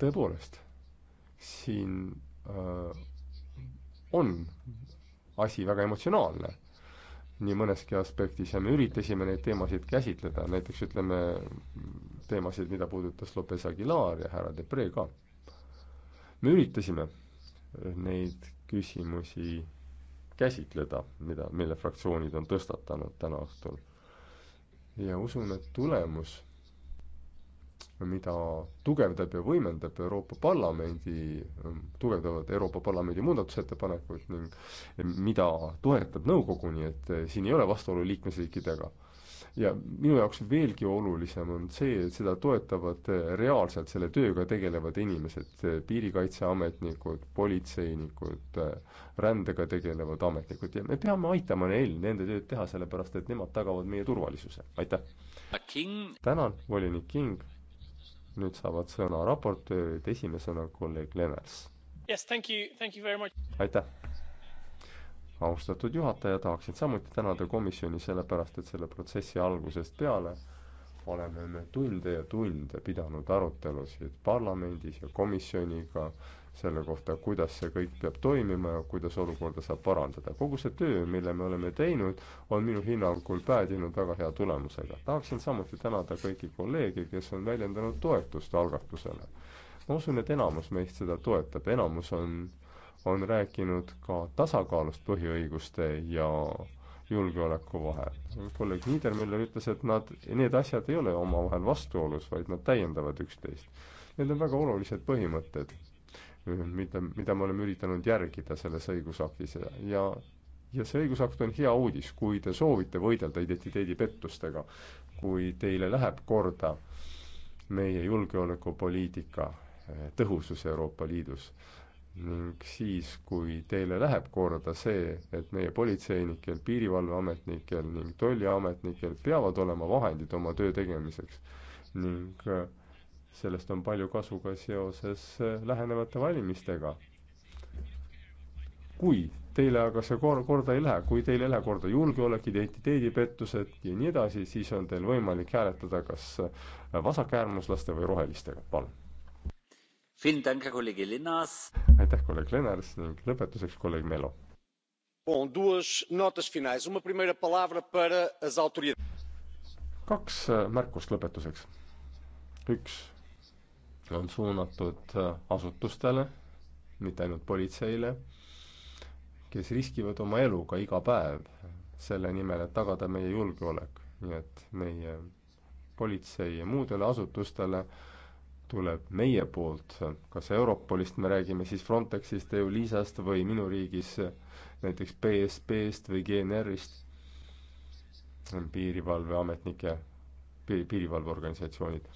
tõepoolest, siin äh, on asi väga emotsionaalne nii mõneski aspektis ja me üritasime neid teemasid käsitleda, näiteks ütleme, teemasid, mida puudutas Lopez Aguilar ja härra Debre ka. me üritasime neid küsimusi käsitleda, mida, mille fraktsioonid on tõstatanud täna õhtul. ja usun, et tulemus mida tugevdab ja võimendab Euroopa Parlamendi, ähm, tugevdavad Euroopa Parlamendi muudatusettepanekud ning eh, mida toetab nõukogu, nii et eh, siin ei ole vastuolu liikmesriikidega. ja minu jaoks veelgi olulisem on see, et seda toetavad eh, reaalselt selle tööga tegelevad inimesed, piirikaitseametnikud, politseinikud, rändega tegelevad ametnikud ja me peame aitama neil nende tööd teha, sellepärast et nemad tagavad meie turvalisuse. aitäh! tänan, volinik King! nüüd saavad sõna raportöörid, esimesena kolleeg Lennarts yes,. aitäh! austatud juhataja, tahaksin samuti tänada komisjoni sellepärast, et selle protsessi algusest peale oleme me tunde ja tunde pidanud arutelusid parlamendis ja komisjoniga äh, selle kohta, kuidas see kõik peab toimima ja kuidas olukorda saab parandada. kogu see töö, mille me oleme teinud, on minu hinnangul päädinud väga hea tulemusega. tahaksin samuti tänada kõiki kolleege, kes on väljendanud toetust algatusele. ma usun, et enamus meist seda toetab, enamus on, on rääkinud ka tasakaalust põhiõiguste ja julgeoleku vahel. kolleeg Niedermüller ütles, et nad, need asjad ei ole omavahel vastuolus, vaid nad täiendavad üksteist. Need on väga olulised põhimõtted Mhm, mida, mida me oleme üritanud järgida selles õigusaktis ja ja see õigusakt on hea uudis, kui te soovite võidelda identiteedipettustega, kui teile läheb korda meie julgeolekupoliitika eh, tõhusus Euroopa Liidus ning siis, kui teile läheb korda see, et meie politseinikel, piirivalveametnikel ning tolliametnikel peavad olema vahendid oma töö tegemiseks ning äh, sellest on palju kasu ka seoses eh, lähenevate valimistega. kui teile aga see kor-, korda ei lähe, kui teil ei lähe korda julgeolek, identiteedipettused ja nii edasi, siis on teil võimalik hääletada kas eh, vasakäärmuslaste või rohelistega, palun. aitäh, kolleeg Lennart ning lõpetuseks kolleeg Melo. kaks eh, märkust lõpetuseks. üks on suunatud äh, asutustele, mitte ainult politseile, kes riskivad oma eluga iga päev selle nimel, et tagada meie julgeolek. nii et meie politsei ja muudele asutustele tuleb meie poolt, kas Europolist me räägime siis Frontexist, EULISA-st või minu riigis näiteks PSP-st või GNR-ist, piirivalveametnike, piirivalveorganisatsioonid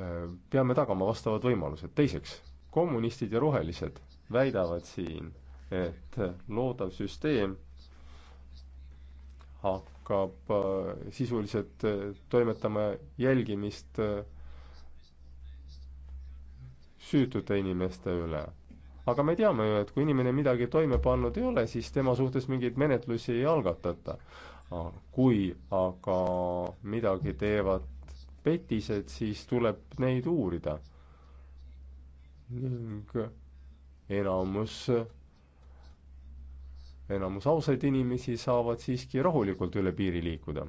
Äh, peame tagama vastavad võimalused. teiseks, kommunistid ja rohelised väidavad siin, et loodav süsteem hakkab äh, sisuliselt äh, toimetama jälgimist süütute inimeste üle. aga me teame ju, et kui inimene midagi toime pannud ei ole, siis tema suhtes mingeid menetlusi ei algatata. kui aga midagi teevad pettised, siis tuleb neid uurida. ning enamus, enamus ausaid inimesi saavad siiski rahulikult üle piiri liikuda.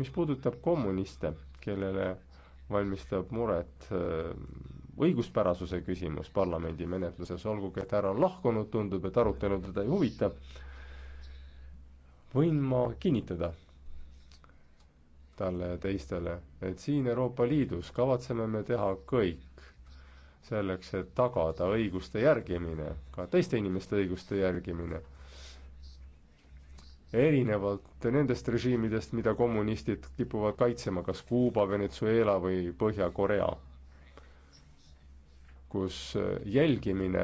mis puudutab kommuniste, kellele valmistab muret äh, õiguspärasuse küsimus parlamendi menetluses, olgugi et härra on lahkunud, tundub, et arutelu teda ei huvita, võin ma kinnitada, talle ja teistele, et siin Euroopa Liidus kavatseme me teha kõik selleks, et tagada õiguste järgimine, ka teiste inimeste õiguste järgimine. erinevalt nendest režiimidest, mida kommunistid kipuvad kaitsema, kas Kuuba, Venezuela või Põhja-Korea, kus jälgimine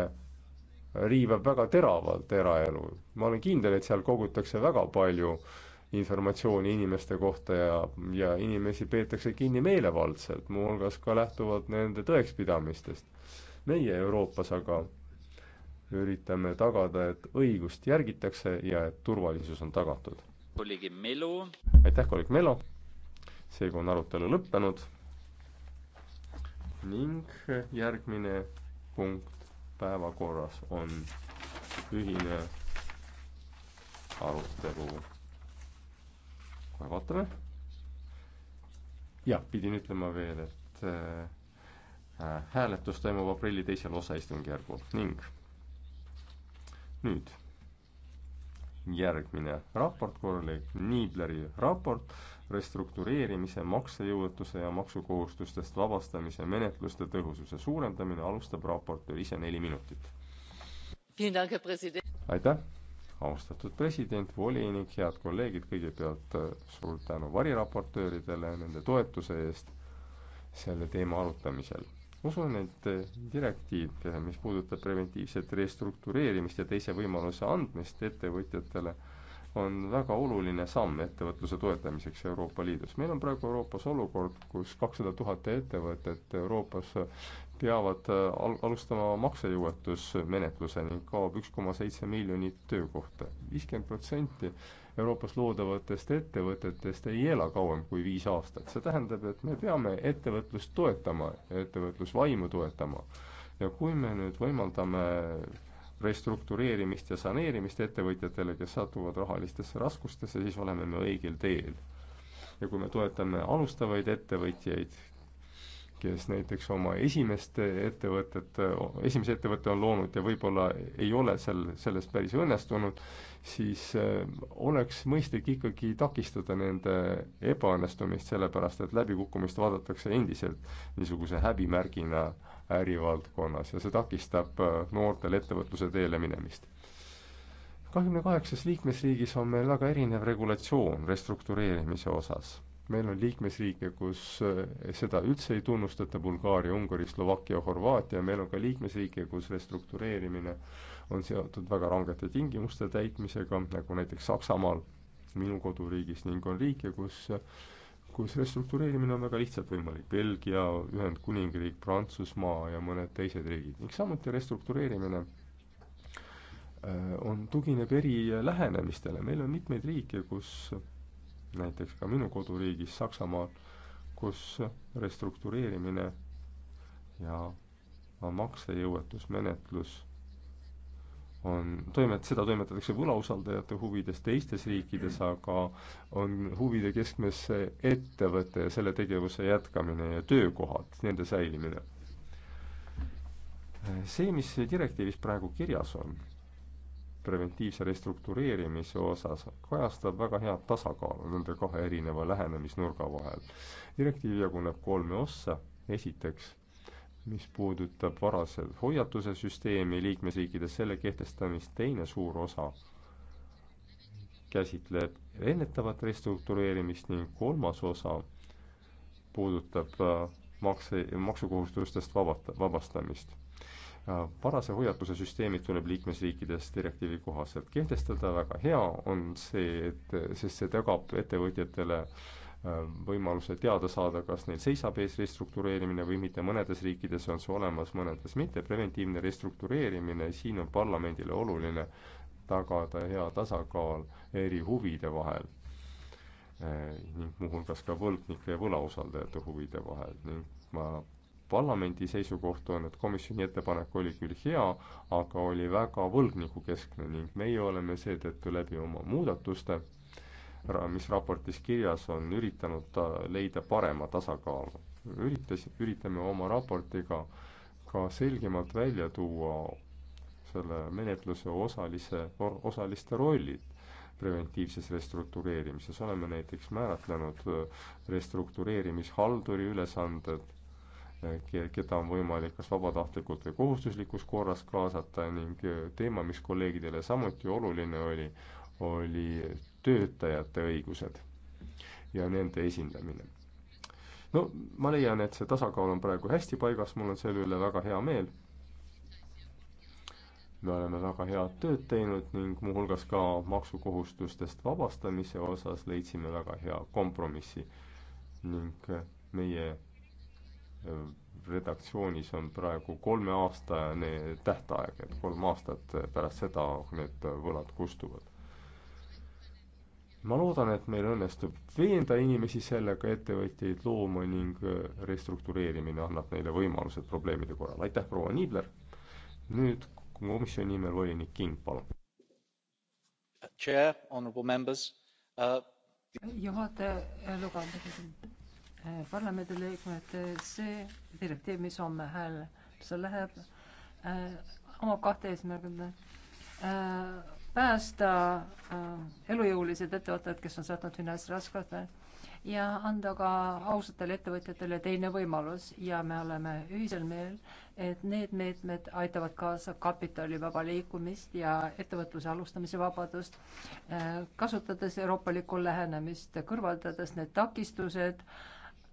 riivab väga teravalt eraelu. ma olen kindel, et seal kogutakse väga palju äh, informatsiooni inimeste kohta ja, ja inimesi peetakse kinni meelevaldselt, muuhulgas ka lähtuvalt nende tõekspidamistest. meie Euroopas aga üritame tagada, et õigust järgitakse ja et turvalisus on tagatud. aitäh, kolleeg Melo! seega on arutelu lõppenud ning järgmine punkt päevakorras on ühine arutelu kohe vaatame. jah, pidin ütlema veel, et äh, äh hääletus toimub aprilli teisel osaistungjärgul ning nüüd järgmine raport, korralik Niibleri raport restruktureerimise, maksejõuetuse ja maksukohustustest vabastamise menetluste tõhususe suurendamine, alustab raportöör ise neli minutit. aitäh! austatud president, volinik, head kolleegid, kõigepealt äh, suur tänu variraportööridele nende toetuse eest selle teema arutamisel. usun, et äh, direktiiv, äh, mis puudutab preventiivset restruktureerimist ja teise võimaluse andmist ettevõtjatele, on väga oluline samm ettevõtluse toetamiseks Euroopa Liidus. meil on praegu Euroopas olukord, kus kakssada tuhat ettevõtet Euroopas peavad äh, al-, alustama maksejõuetusmenetluse ning kaob üks koma seitse miljonit töökohta. viiskümmend protsenti Euroopas loodavatest ettevõtetest ei ela kauem kui viis aastat. see tähendab, et me peame ettevõtlust toetama, ettevõtlusvaimu toetama. ja kui me nüüd võimaldame restruktureerimist ja saneerimist ettevõtjatele, kes satuvad rahalistesse raskustesse, siis oleme me õigel teel. ja kui me toetame alustavaid ettevõtjaid, kes näiteks oma esimest ettevõtet, esimese ettevõtte on loonud ja võib-olla ei ole sel, sellest päris õnnestunud, siis äh, oleks mõistlik ikkagi takistada nende ebaõnnestumist, sellepärast et läbikukkumist vaadatakse endiselt niisuguse häbimärgina ärivaldkonnas ja see takistab äh, noortel ettevõtluse teele minemist kahekümne kaheksas liikmesriigis on meil väga erinev regulatsioon restruktureerimise osas meil on liikmesriike, kus eh, seda üldse ei tunnustata, Bulgaaria, Ungari, Slovakkia, Horvaatia, meil on ka liikmesriike, kus restruktureerimine on seotud väga rangete tingimuste täitmisega, nagu näiteks Saksamaal, minu koduriigis, ning on riike, kus kus restruktureerimine on väga lihtsalt võimalik, Belgia, Ühendkuningriik, Prantsusmaa ja mõned teised riigid, ning samuti restruktureerimine eh, on, tugineb eri eh, lähenemistele, meil on mitmeid riike, kus näiteks ka minu koduriigis Saksamaal, kus restruktureerimine ja maksejõuetusmenetlus on toimet-, seda toimetatakse võlausaldajate huvides teistes riikides, aga on huvide keskmes ettevõte ja selle tegevuse jätkamine ja töökohad, nende säilimine. see, mis direktiivis praegu kirjas on, preventiivse restruktureerimise osas kajastab väga head tasakaalu nende kahe erineva lähenemisnurga vahel. direktiiv jaguneb kolme ossa, esiteks, mis puudutab varase hoiatuse süsteemi liikmesriikides, selle kehtestamist, teine suur osa käsitleb ennetavat restruktureerimist ning kolmas osa puudutab makse, maksukohustustest vabata, vabastamist varase hoiatuse süsteemid tuleb liikmesriikides direktiivi kohaselt kehtestada, väga hea on see, et, sest see tagab ettevõtjatele äh, võimaluse teada saada, kas neil seisab ees restruktureerimine või mitte, mõnedes riikides on see olemas, mõnedes mitte, preventiivne restruktureerimine, siin on parlamendile oluline tagada hea tasakaal eri huvide vahel äh, ning muuhulgas ka võlgnike ja võlausaldajate huvide vahel ning ma parlamendi seisukoht on, et komisjoni ettepanek oli küll hea, aga oli väga võlgnikukeskne ning meie oleme seetõttu läbi oma muudatuste, mis raportis kirjas on, üritanud leida parema tasakaalu. üritas, üritame oma raportiga ka selgemalt välja tuua selle menetluse osalise, osaliste rollid preventiivses restruktureerimises, oleme näiteks määratlenud restruktureerimishalduri ülesanded Äh, keda on võimalik kas vabatahtlikult või kohustuslikus korras kaasata ning äh, teema, mis kolleegidele samuti oluline oli, oli töötajate õigused ja nende esindamine. no ma leian, et see tasakaal on praegu hästi paigas, mul on selle üle väga hea meel. me oleme väga head tööd teinud ning muuhulgas ka maksukohustustest vabastamise osas leidsime väga hea kompromissi ning äh, meie redaktsioonis on praegu kolmeaastane tähtaeg, et kolm aastat pärast seda need võlad kustuvad. ma loodan, et meil õnnestub veenda inimesi sellega ettevõtjaid looma ning restruktureerimine annab neile võimalused probleemide korral. aitäh, proua Niibler! nüüd komisjoni nimel volinik King, palun. Uh, juhataja, lugupeetud president Eh, parlamendiliikmed, eh, see direktiiv, mis homme hääletusele läheb äh,, omab kahte eesmärgi äh,. päästa äh, elujõulised ettevõtted, kes on sattunud finantsraskustele ja anda ka ausatele ettevõtjatele teine võimalus ja me oleme ühisel meel, et need meetmed aitavad kaasa kapitali vaba liikumist ja ettevõtluse alustamise vabadust, kasutades euroopalikku lähenemist, kõrvaldades need takistused äh,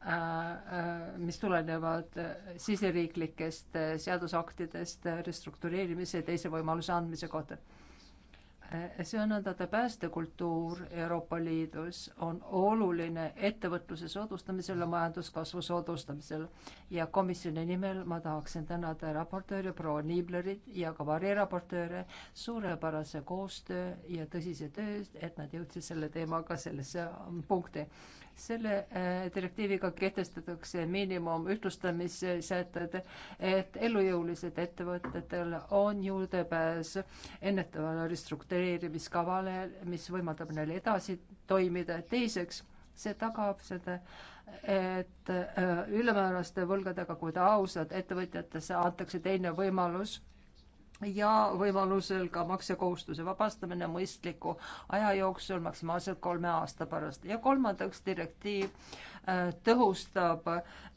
Äh, äh, mis tulenevad äh, siseriiklikest seadusaktidest restruktureerimise ja teise võimaluse andmise kohta. see on nõnda, et päästekultuur Euroopa Liidus on oluline ettevõtluse soodustamisel ja majanduskasvu soodustamisel ja komisjoni nimel ma tahaksin tänada raportööri proua Niiblerit ja ka variraportööre suurepärase koostöö ja tõsise töö eest, et nad jõudsid selle teemaga sellesse punkti selle äh, direktiiviga kehtestatakse miinimum ühtlustamissätted, et elujõulised ettevõtetel on juurdepääs ennetavale restruktureerimiskavale, mis võimaldab neil edasi toimida. teiseks, see tagab seda, et äh, ülemääraste võlgadega, kui ta ausad ettevõtjatesse antakse teine võimalus ja võimalusel ka maksekohustuse vabastamine mõistliku aja jooksul, maksimaalselt kolme aasta pärast. ja kolmandaks, direktiiv äh, tõhustab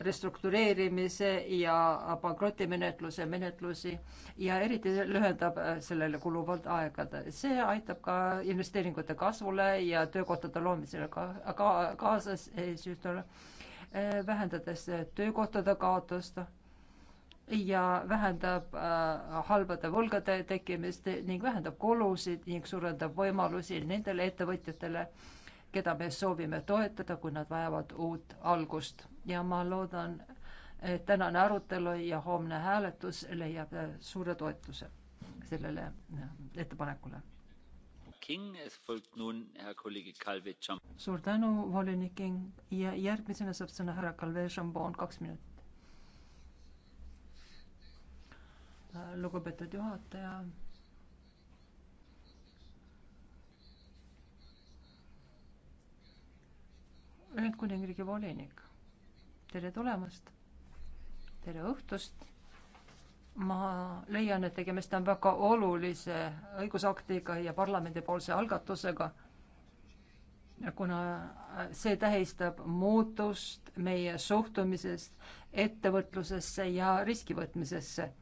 restruktureerimise ja pankrotimenetluse menetlusi ja eriti lühendab äh, sellele kuluvat aegade. see aitab ka investeeringute kasvule ja töökohtade loomisele ka, ka kaasas, äh, vähendades töökohtade kaotust ja vähendab äh, halbade võlgade tekkimist ning vähendab kulusid ning suurendab võimalusi nendele ettevõtjatele, keda me soovime toetada, kui nad vajavad uut algust. ja ma loodan, et tänane arutelu ja homne hääletus leiab suure toetuse sellele äh, ettepanekule. suur tänu, volinik King ja järgmisena saab sõna härra Calvet Chambon, kaks minutit. lugupeetud juhataja. Ühendkuningriigi volinik, tere tulemast. tere õhtust. ma leian, et tegemist on väga olulise õigusaktiga ja parlamendipoolse algatusega kuna see tähistab muutust meie suhtumisest ettevõtlusesse ja riskivõtmisesse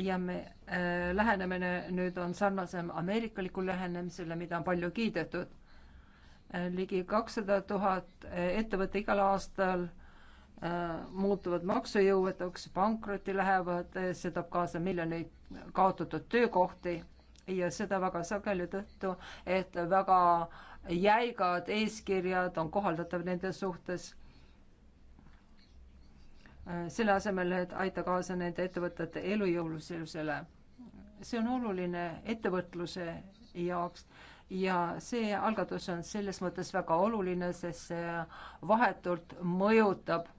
ja me äh, lähenemine nüüd on sarnasem ameerikalikule lähenemisele, mida on palju kiidetud äh,. ligi kakssada tuhat äh, ettevõtte igal aastal äh, muutuvad maksujõuetuks, pankrotti lähevad, äh, see toob kaasa miljoneid kaotatud töökohti ja seda väga sageli tõttu, et väga jäigad eeskirjad on kohaldatavad nende suhtes Äh, selle asemel, et aita kaasa nende ettevõtete elujõulisusele. see on oluline ettevõtluse jaoks ja see algatus on selles mõttes väga oluline, sest see vahetult mõjutab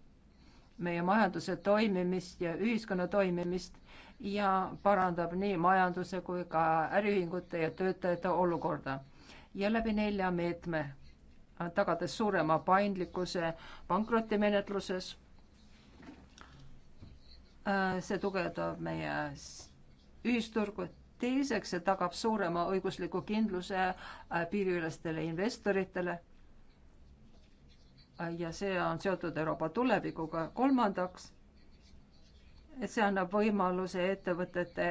meie majanduse toimimist ja ühiskonna toimimist ja parandab nii majanduse kui ka äriühingute ja töötajate olukorda. ja läbi nelja meetme, tagades suurema paindlikkuse pankrotimenetluses Äh, see tugevdab meie ühisturgu, teiseks see tagab suurema õigusliku kindluse äh, piiriülestele investoritele. Äh, ja see on seotud Euroopa tulevikuga. kolmandaks, et see annab võimaluse ettevõtete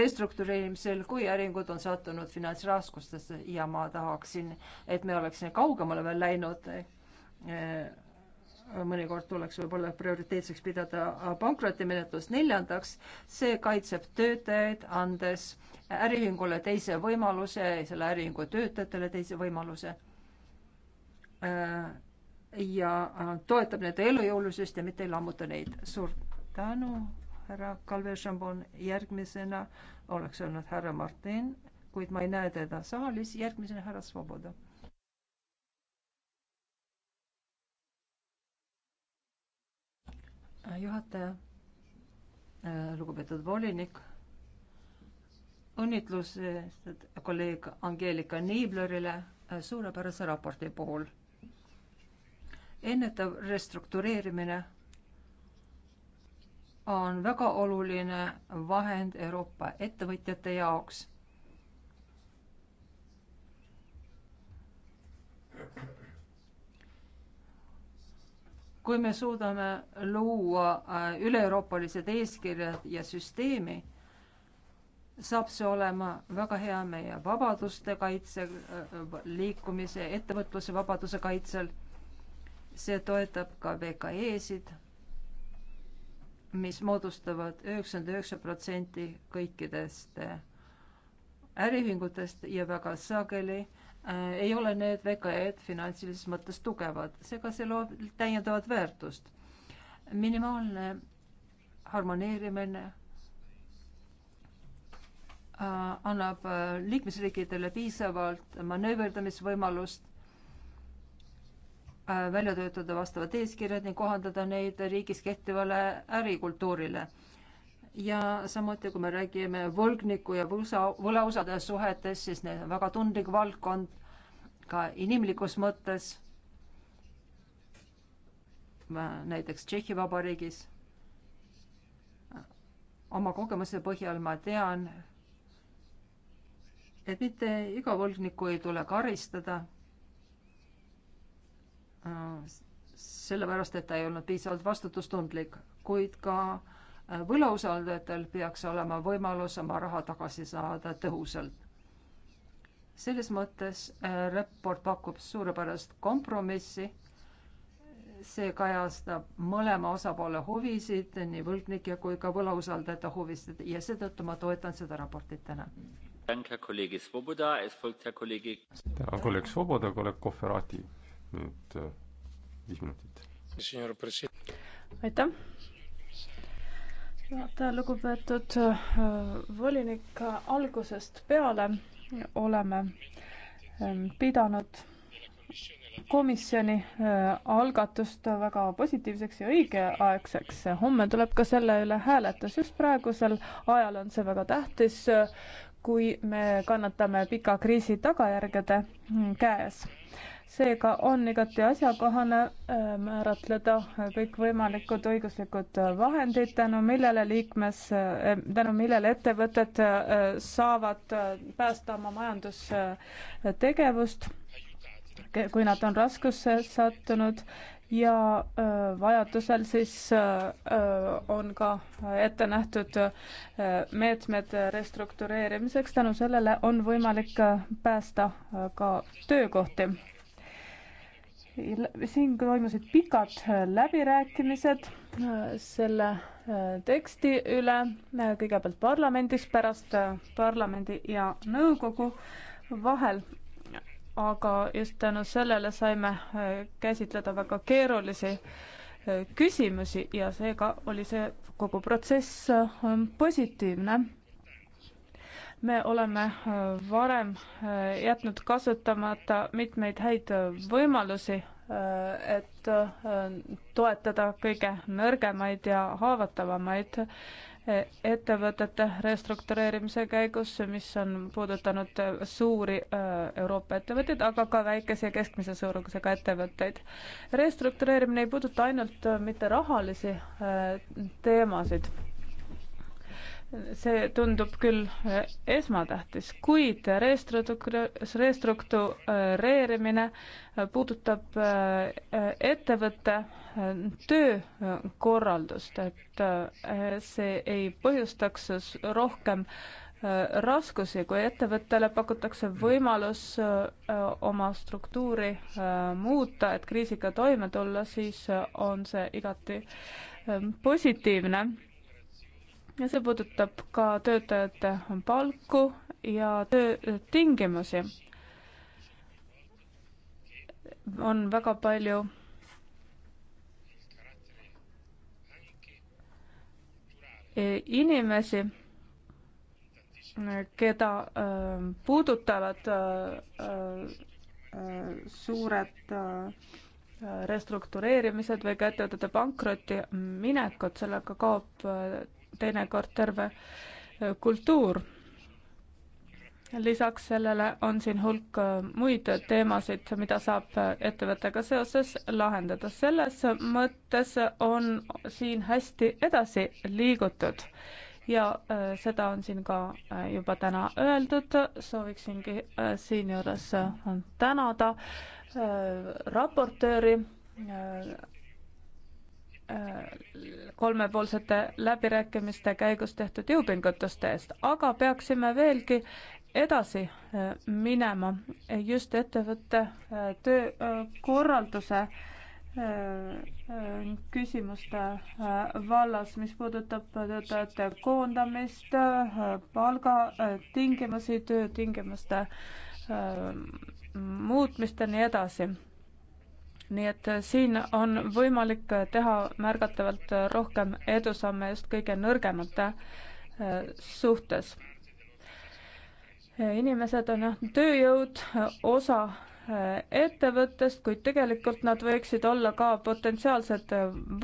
restruktureerimisel, kui äringud on sattunud finantsraskustesse ja ma tahaksin, et me oleksime kaugemale veel läinud mõnikord tuleks võib-olla prioriteetseks pidada pankrotimenetlust. neljandaks, see kaitseb töötajaid, andes äriühingule teise võimaluse, selle äriühingu töötajatele teise võimaluse. Äh, ja äh, toetab nende elujõulisust ja mitte ei lammuta neid. suur tänu, härra Kalvi Šambon. järgmisena oleks olnud härra Martin, kuid ma ei näe teda saalis. järgmisena härra Svoboda Äh, juhataja, äh, lugupeetud volinik, õnnitlused kolleeg Angeelika Niiblerile äh, suurepärase raporti puhul. ennetav restruktureerimine on väga oluline vahend Euroopa ettevõtjate jaoks kui me suudame luua äh, üle-euroopalised eeskirjad ja süsteemi, saab see olema väga hea meie vabaduste kaitsel, äh, liikumise, ettevõtluse vabaduse kaitsel. see toetab ka VKE-sid, mis moodustavad üheksakümmend üheksa protsenti kõikidest äh, äriühingutest ja väga sageli äh, Äh, ei ole need VKE-d finantsilises mõttes tugevad, seega see loob täiendavat väärtust. minimaalne harmoneerimine äh, annab äh, liikmesriikidele piisavalt manööverdamisvõimalust välja töötada vastavad eeskirjad ning kohandada neid riigis kehtivale ärikultuurile ja samuti, kui me räägime võlgniku ja võsa, võlausade suhetest, siis need on väga tundlik valdkond ka inimlikus mõttes. näiteks Tšehhi Vabariigis. oma kogemuse põhjal ma tean, et mitte iga võlgnikku ei tule karistada äh, sellepärast, et ta ei olnud piisavalt vastutustundlik, kuid ka äh, võlausaldajatel peaks olema võimalus oma raha tagasi saada tõhusalt. selles mõttes äh, raport pakub suurepärast kompromissi. see kajastab mõlema osapoole huvisid, nii võlgnike kui ka võlausaldajate huvisid ja seetõttu ma toetan seda raportit täna. tänan kolleeg Svoboda, kolleeg Kohverati nüüd äh, viis minutit. aitäh juhataja, lugupeetud äh, volinik, algusest peale oleme ähm, pidanud komisjoni äh, algatust väga positiivseks ja õigeaegseks. homme tuleb ka selle üle hääletus, just praegusel ajal on see väga tähtis, äh, kui me kannatame pika kriisi tagajärgede käes seega on igati asjakohane äh, määratleda kõikvõimalikud õiguslikud äh, vahendid, tänu millele liikmes, äh, tänu millele ettevõtted saavad päästa oma majandustegevust, kui nad on raskusse sattunud ja vajadusel siis on ka ette nähtud meetmed restruktureerimiseks, tänu sellele on võimalik päästa ka töökohti siin toimusid pikad läbirääkimised äh, selle äh, teksti üle, äh, kõigepealt parlamendis, pärast parlamendi ja nõukogu vahel. aga just tänu sellele saime käsitleda väga keerulisi küsimusi ja seega oli see kogu protsess positiivne me oleme äh, varem äh, jätnud kasutamata mitmeid häid äh, võimalusi, et toetada kõige nõrgemaid ja haavatavamaid ettevõtete restruktureerimise käigus, mis on puudutanud suuri Euroopa ettevõtteid, aga ka väikese ja keskmise suurusega ettevõtteid. restruktureerimine ei puuduta ainult mitte rahalisi teemasid see tundub küll äh, esmatähtis, kuid restruktureerimine äh, puudutab äh, ettevõtte töökorraldust, et see ei põhjustaks rohkem raskusi, kui ettevõttele pakutakse võimalus oma struktuuri muuta, et kriisiga toime tulla, siis on see igati positiivne ja see puudutab ka töötajate palku ja töötingimusi. on väga palju inimesi, keda ähm, puudutavad äh, äh, suured äh, restruktureerimised või ka ettevõtete pankrotti minekud, sellega kaob teinekord terve äh, kultuur. lisaks sellele on siin hulk äh, muid teemasid, mida saab äh, ettevõttega seoses lahendada. selles mõttes on siin hästi edasi liigutud ja seda on siin ka juba täna öeldud, sooviksingi siinjuures tänada raportööri Äh, kolmepoolsete läbirääkimiste käigus tehtud jõupingutuste eest, aga peaksime veelgi edasi äh, minema just ettevõtte äh, töökorralduse küsimuste vallas, mis puudutab töötajate koondamist, palgatingimusi, töötingimuste muutmist ja nii edasi nii et äh, siin on võimalik äh, teha märgatavalt äh, rohkem edusamme just kõige nõrgemate suhtes. inimesed on jah tööjõud, osa ettevõttest, kuid tegelikult nad võiksid olla ka potentsiaalsed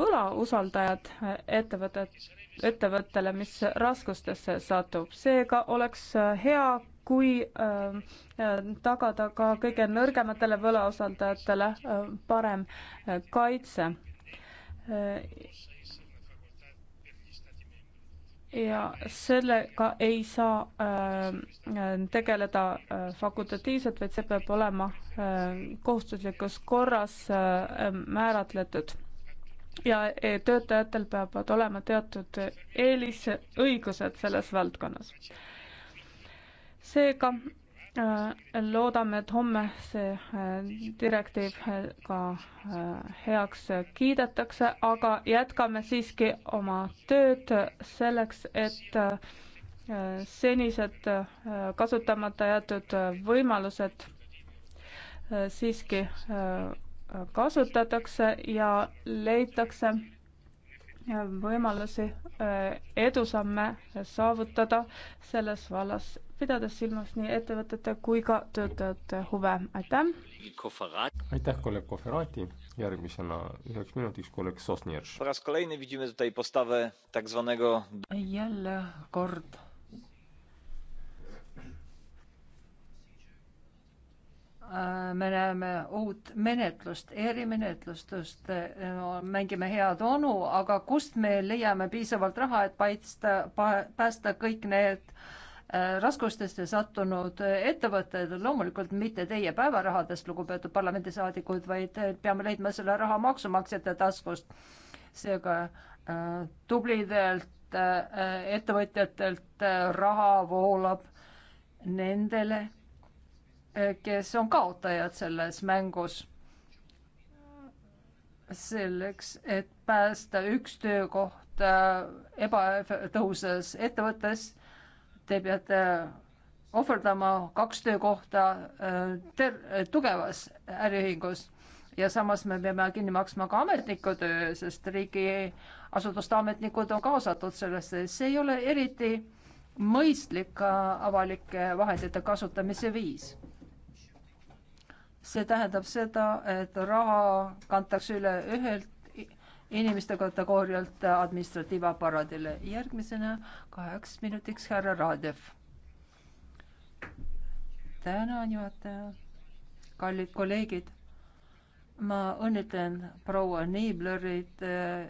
võlausaldajad ettevõtet, ettevõttele, mis raskustesse satub. seega oleks hea, kui äh, tagada ka kõige nõrgematele võlausaldajatele äh, parem äh, kaitse äh, ja sellega ei saa äh, tegeleda äh, fakultatiivselt, vaid see peab olema äh, kohustuslikus korras äh, määratletud. ja e töötajatel peavad olema teatud eelisõigused selles valdkonnas äh, seega äh, loodame, et homme see äh, direktiiv äh, ka heaks kiidetakse, aga jätkame siiski oma tööd selleks, et senised kasutamata jäetud võimalused siiski kasutatakse ja leitakse võimalusi edusamme saavutada selles vallas pidades silmas nii ettevõtete kui ka töötajate huve, aitäh! aitäh, kolleeg Koferati, järgmisena üheks minutiks kolleeg Sosnjerš. jälle kord me näeme uut menetlust, erimenetlustust, mängime head onu, aga kust me leiame piisavalt raha, et paista, päästa kõik need äh, Äh, raskustesse sattunud ettevõtted, loomulikult mitte teie päevarahadest, lugupeetud parlamendisaadikud, vaid äh, peame leidma selle raha maksumaksjate taskust. seega äh, tublidelt ettevõtjatelt raha voolab nendele, kes on kaotajad selles mängus selleks, et päästa üks töökoht ebatõhusas ettevõttes te peate äh, ohverdama kaks töökohta äh, ter-, äh, tugevas äriühingus ja samas me peame kinni maksma ka ametniku töö, sest riigiasutuste ametnikud on kaasatud sellesse, see ei ole eriti mõistlik avalike vahendite kasutamise viis. see tähendab seda, et raha kantakse üle ühelt inimeste kategoorialt administratiivaparaadile. järgmisena kaheks minutiks härra Raadev. tänan, juhataja. kallid kolleegid, ma õnnitlen proua Niiblerit eh,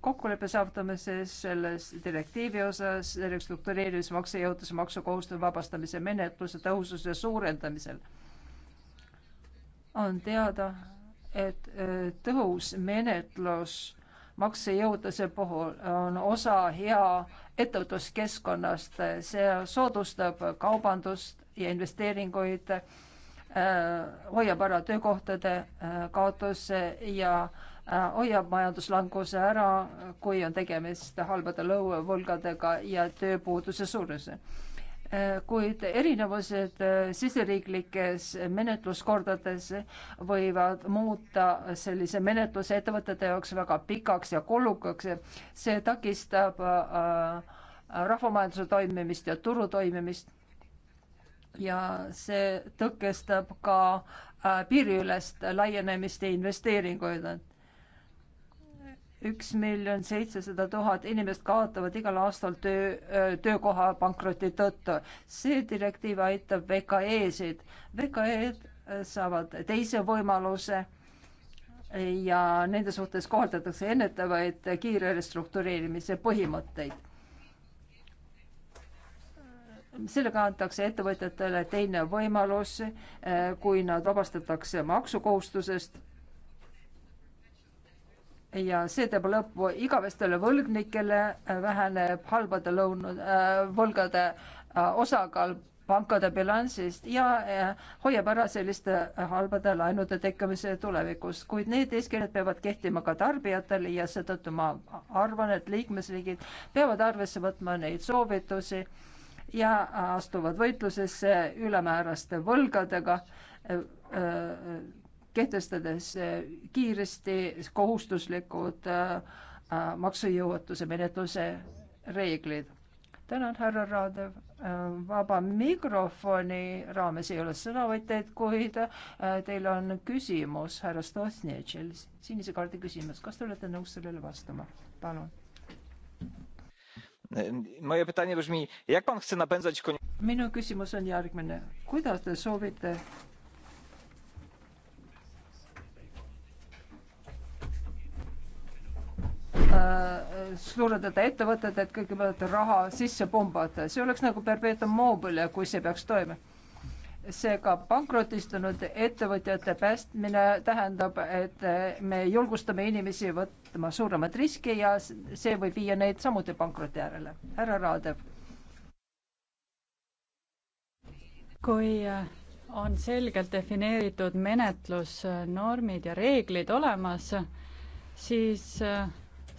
kokkuleppe saavutamises selles direktiivi osas restruktureerimismakse jõudluse maksukohustuse vabastamise menetluse tõhususe suurendamisel. on teada, et eh, tõhus menetlus maksejõudluse puhul on osa hea ettevõtluskeskkonnast, see soodustab kaubandust ja investeeringuid äh,, hoiab ära töökohtade äh, kaotuse ja äh, hoiab majanduslanguse ära, kui on tegemist halbade lõuevõlgadega ja tööpuuduse suuruse kuid erinevused äh, siseriiklikes menetluskordades võivad muuta sellise menetluse ettevõtete jaoks väga pikaks ja kulukaks. see takistab äh, rahvamajanduse toimimist ja turu toimimist. ja see tõkestab ka äh, piiriülest laienemist ja investeeringuid üks miljon seitsesada tuhat inimest kaotavad igal aastal töö, töökoha pankroti tõttu. see direktiiv aitab VKE-sid. VKE-d saavad teise võimaluse ja nende suhtes kohaldatakse ennetavaid kiire restruktureerimise põhimõtteid. sellega antakse ettevõtjatele teine võimalus, kui nad vabastatakse maksukohustusest ja see teeb lõppu igavestele võlgnikele, äh, väheneb halbade lõun- äh,, võlgade äh, osakaal pankade bilansist ja äh, hoiab ära selliste äh, halbade laenude tekkimise tulevikus, kuid need eeskirjad peavad kehtima ka tarbijatele ja seetõttu ma arvan, et liikmesriigid peavad arvesse võtma neid soovitusi ja astuvad võitlusesse ülemääraste võlgadega kehtestades eh, kiiresti kohustuslikud eh, eh, maksujõuetuse menetluse reeglid. tänan, härra Raadev. vaba mikrofoni raames ei ole sõnavõtjaid, kuid teil on küsimus härra Stosnitšil, sinise kaardi küsimus. kas te olete nõus sellele vastama? palun. Moje pytanie brzmi, jak pan chce napędzać konia? minu küsimus on järgmine. kuidas te soovite Äh, suurendada ettevõtted, et kõigepealt raha sisse pumbata, see oleks nagu perpetuum mobile, kui see peaks toimuma. seega pankrotistunud ettevõtjate päästmine tähendab, et me julgustame inimesi võtma suuremat riski ja see võib viia neid samuti pankroti äärele. härra Raadev. kui äh, on selgelt defineeritud menetlusnormid ja reeglid olemas, siis äh,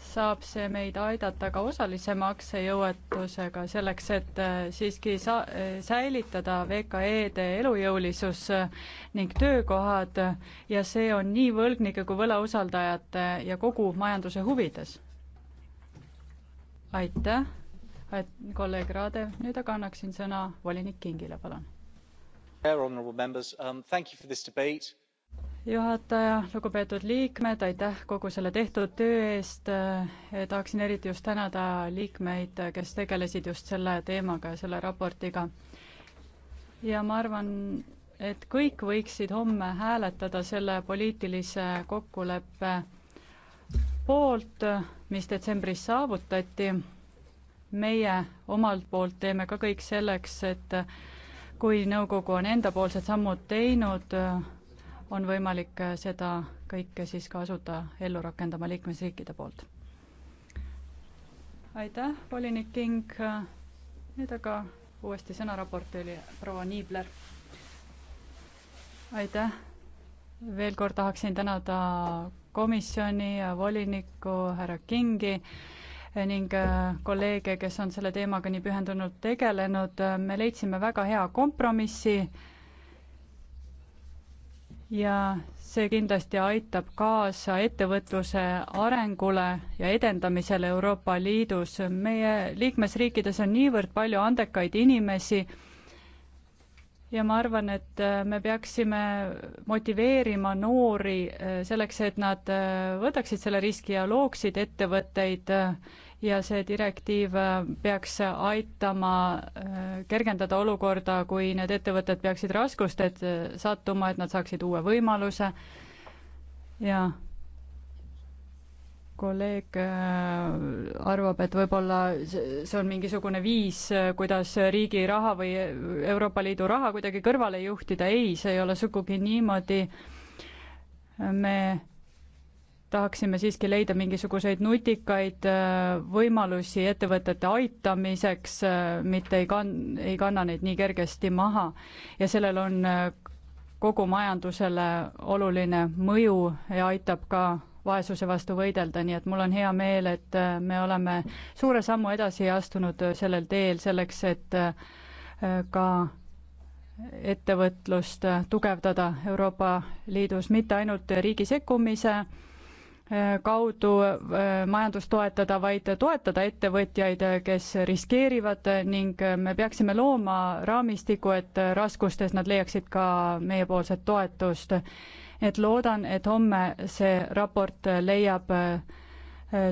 saab see meid aidata ka osalise maksejõuetusega, selleks et äh, siiski sa-, äh, säilitada VKE-de elujõulisus äh, ning töökohad ja see on nii võlgnike kui võlausaldajate ja kogu majanduse huvides. aitäh, kolleeg Raade, nüüd aga annaksin sõna volinik Kingile, palun. Honourable members um,, thank you for this debate juhataja, lugupeetud liikmed, aitäh kogu selle tehtud töö eest. Eh, tahaksin eriti just tänada liikmeid, kes tegelesid just selle teemaga ja selle raportiga. ja ma arvan, et kõik võiksid homme hääletada selle poliitilise kokkuleppe poolt, mis detsembris saavutati. meie omalt poolt teeme ka kõik selleks, et kui nõukogu on endapoolsed sammud teinud, on võimalik äh, seda kõike siis ka asuda ellu rakendama liikmesriikide poolt. aitäh, volinik King. nüüd aga uuesti sõna raportööri proua Niibler. aitäh. veel kord tahaksin tänada komisjoni ja volinikku härra Kingi ning äh, kolleege, kes on selle teemaga nii pühendunult tegelenud. me leidsime väga hea kompromissi ja see kindlasti aitab kaasa ettevõtluse arengule ja edendamisele Euroopa Liidus. meie liikmesriikides on niivõrd palju andekaid inimesi ja ma arvan, et äh, me peaksime motiveerima noori äh, selleks, et nad äh, võtaksid selle riski ja looksid ettevõtteid ja see direktiiv äh, peaks aitama äh, kergendada olukorda, kui need ettevõtted peaksid raskustesse äh, sattuma, et nad saaksid uue võimaluse ja kolleeg arvab, et võib-olla see on mingisugune viis, kuidas riigi raha või Euroopa Liidu raha kuidagi kõrvale juhtida, ei, see ei ole sugugi niimoodi, me tahaksime siiski leida mingisuguseid nutikaid äh, võimalusi ettevõtete aitamiseks, äh, mitte ei kann-, ei kanna neid nii kergesti maha ja sellel on äh, kogu majandusele oluline mõju ja aitab ka vaesuse vastu võidelda, nii et mul on hea meel, et me oleme suure sammu edasi astunud sellel teel selleks, et ka ettevõtlust tugevdada Euroopa Liidus, mitte ainult riigi sekkumise Äh, kaudu äh, majandust toetada, vaid toetada ettevõtjaid, äh, kes riskeerivad ning me peaksime looma raamistiku, et raskustes nad leiaksid ka meiepoolset toetust. et loodan, et homme see raport leiab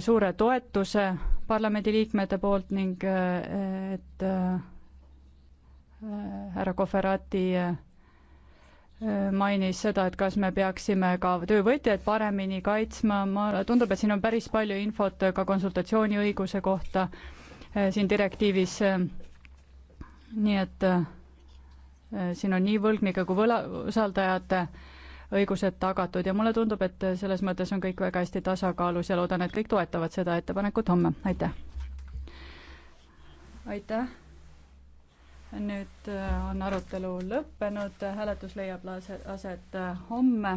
suure toetuse parlamendiliikmete poolt ning et härra Koferati mainis seda, et kas me peaksime ka töövõtjaid paremini kaitsma, ma, tundub, et siin on päris palju infot ka konsultatsiooniõiguse kohta eh, siin direktiivis. nii et eh, siin on nii võlgnike kui võla, usaldajate õigused tagatud ja mulle tundub, et selles mõttes on kõik väga hästi tasakaalus ja loodan, et kõik toetavad seda ettepanekut homme, aitäh! aitäh! nüüd äh, on arutelu lõppenud, hääletus leiab aset äh, homme.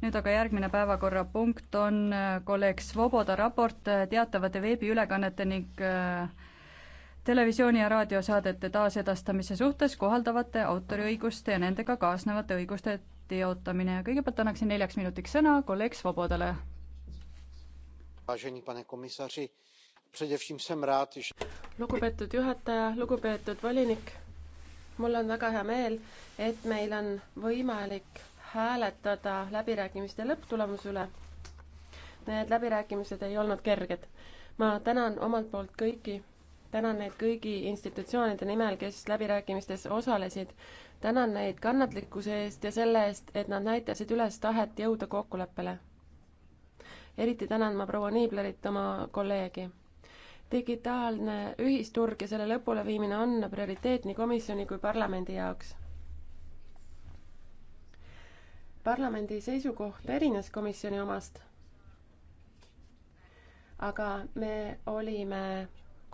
nüüd aga järgmine päevakorrapunkt on äh, kolleeg Svoboda raport teatavate veebiülekannete ning televisiooni- ja raadiosaadete taasedastamise suhtes kohaldavate autoriõiguste ja nendega kaasnevate õiguste teotamine ja kõigepealt annaksin neljaks minutiks sõna kolleeg Svobodale. Vážený pane komisaři, lugupeetud juhataja, lugupeetud volinik, mul on väga hea meel, et meil on võimalik hääletada läbirääkimiste lõpptulemuse üle. Need läbirääkimised ei olnud kerged. ma tänan omalt poolt kõiki, tänan neid kõigi institutsioonide nimel, kes läbirääkimistes osalesid. tänan neid kannatlikkuse eest ja selle eest, et nad näitasid üles tahet jõuda kokkuleppele. eriti tänan ma proua Niiblerit, oma kolleegi digitaalne ühisturg ja selle lõpuleviimine on prioriteet nii komisjoni kui parlamendi jaoks. parlamendi seisukoht erines komisjoni omast, aga me olime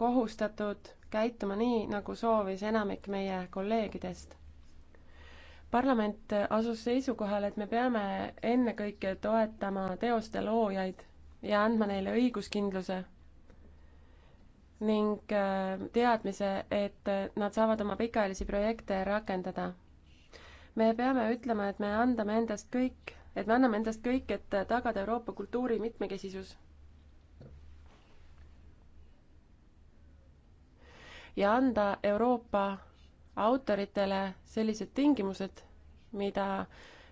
kohustatud käituma nii, nagu soovis enamik meie kolleegidest. parlament asus seisukohale, et me peame ennekõike toetama teoste loojaid ja andma neile õiguskindluse ning äh, teadmise, et nad saavad oma pikaajalisi projekte rakendada. me peame ütlema, et me andame endast kõik, et me anname endast kõik, et tagada Euroopa kultuuri mitmekesisus. ja anda Euroopa autoritele sellised tingimused, mida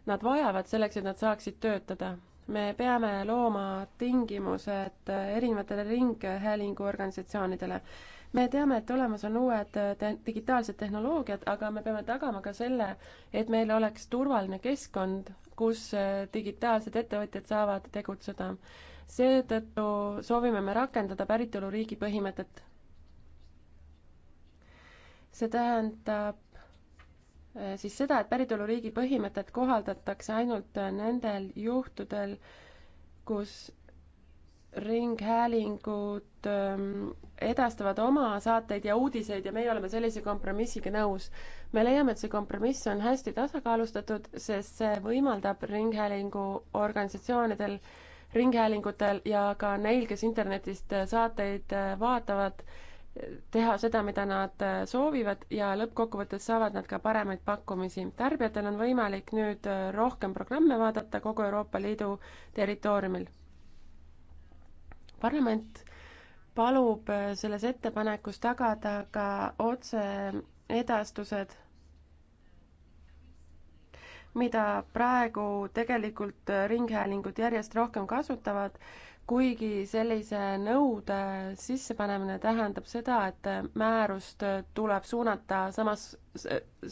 nad vajavad selleks, et nad saaksid töötada me peame looma tingimused erinevatele ringhäälinguorganisatsioonidele. me teame, et olemas on uued te digitaalsed tehnoloogiad, aga me peame tagama ka selle, et meil oleks turvaline keskkond, kus digitaalsed ettevõtjad saavad tegutseda. seetõttu soovime me rakendada päritoluriigi põhimõtet. see tähendab Äh, siis seda, et päritoluriigi põhimõtet kohaldatakse ainult äh, nendel juhtudel, kus ringhäälingud ähm, edastavad oma saateid ja uudiseid ja meie oleme sellise kompromissiga nõus. me leiame, et see kompromiss on hästi tasakaalustatud, sest see võimaldab ringhäälingu organisatsioonidel, ringhäälingutel ja ka neil, kes internetist saateid äh, vaatavad, teha seda, mida nad äh, soovivad ja lõppkokkuvõttes saavad nad ka paremaid pakkumisi. tarbijatel on võimalik nüüd äh, rohkem programme vaadata kogu Euroopa Liidu territooriumil. parlament palub äh, selles ettepanekus tagada ka otseedastused, mida praegu tegelikult ringhäälingud järjest rohkem kasutavad kuigi sellise nõude sissepanemine tähendab seda, et määrust tuleb suunata samas,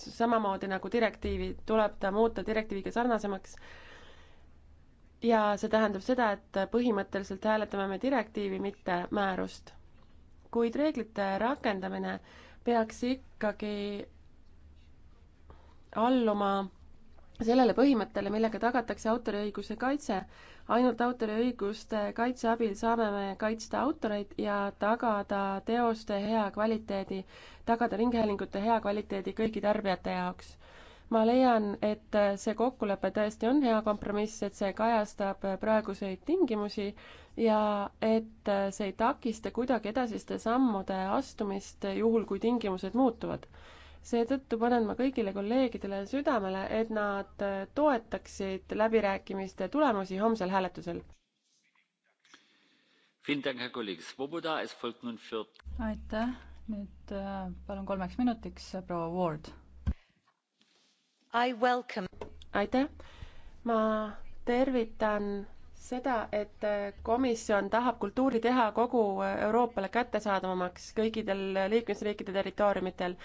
samamoodi nagu direktiivi, tuleb ta muuta direktiiviga sarnasemaks. ja see tähendab seda, et põhimõtteliselt hääletame me direktiivi, mitte määrust. kuid reeglite rakendamine peaks ikkagi alluma sellele põhimõttele, millega tagatakse autoriõiguse kaitse. ainult autoriõiguste kaitse abil saame me kaitsta autoreid ja tagada teoste hea kvaliteedi, tagada ringhäälingute hea kvaliteedi kõigi tarbijate jaoks. ma leian, et see kokkulepe tõesti on hea kompromiss, et see kajastab praeguseid tingimusi ja et see ei takista kuidagi edasiste sammude astumist, juhul kui tingimused muutuvad seetõttu panen ma kõigile kolleegidele südamele, et nad toetaksid läbirääkimiste tulemusi homsel hääletusel. aitäh, nüüd äh, palun kolmeks minutiks äh, proua Ward. aitäh, ma tervitan seda, et komisjon tahab kultuuri teha kogu Euroopale kättesaadavamaks kõikidel liikmesriikide territooriumitel.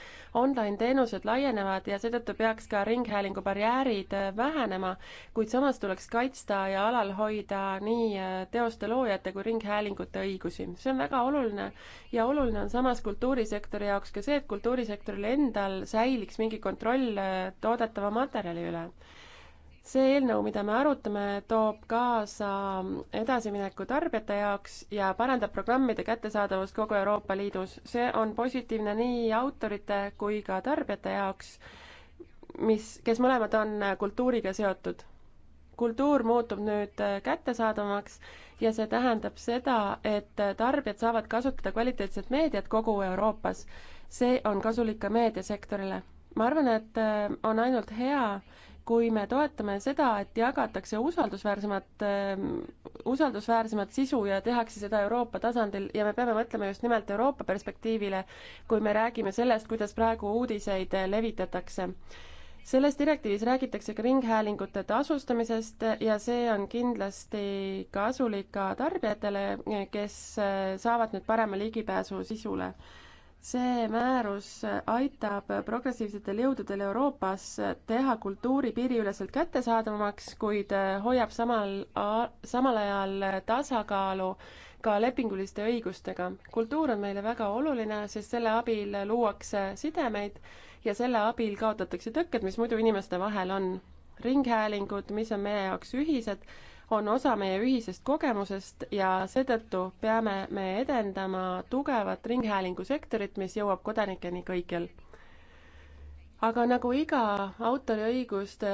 Online-teenused laienevad ja seetõttu peaks ka ringhäälingu barjäärid vähenema, kuid samas tuleks kaitsta ja alal hoida nii teoste loojate kui ringhäälingute õigusi. see on väga oluline ja oluline on samas kultuurisektori jaoks ka see, et kultuurisektoril endal säiliks mingi kontroll toodetava materjali üle see eelnõu, mida me arutame, toob kaasa edasimineku tarbijate jaoks ja parandab programmide kättesaadavust kogu Euroopa Liidus. see on positiivne nii autorite kui ka tarbijate jaoks, mis, kes mõlemad on kultuuriga seotud. kultuur muutub nüüd kättesaadavamaks ja see tähendab seda, et tarbijad saavad kasutada kvaliteetset meediat kogu Euroopas. see on kasulik ka meediasektorile. ma arvan, et on ainult hea, kui me toetame seda, et jagatakse usaldusväärsemat, ähm, usaldusväärsemat sisu ja tehakse seda Euroopa tasandil ja me peame mõtlema just nimelt Euroopa perspektiivile, kui me räägime sellest, kuidas praegu uudiseid levitatakse selles direktiivis räägitakse ka ringhäälingute tasustamisest ja see on kindlasti kasulik ka tarbijatele, kes äh, saavad nüüd parema ligipääsu sisule see määrus aitab progressiivsetel jõududel Euroopas teha kultuuri piiriüleselt kättesaadavamaks, kuid hoiab samal, samal ajal tasakaalu ka lepinguliste õigustega. kultuur on meile väga oluline, sest selle abil luuakse sidemeid ja selle abil kaotatakse tõkked, mis muidu inimeste vahel on. ringhäälingud, mis on meie jaoks ühised, on osa meie ühisest kogemusest ja seetõttu peame me edendama tugevat ringhäälingusektorit, mis jõuab kodanikeni kõikjal aga nagu iga autoriõiguste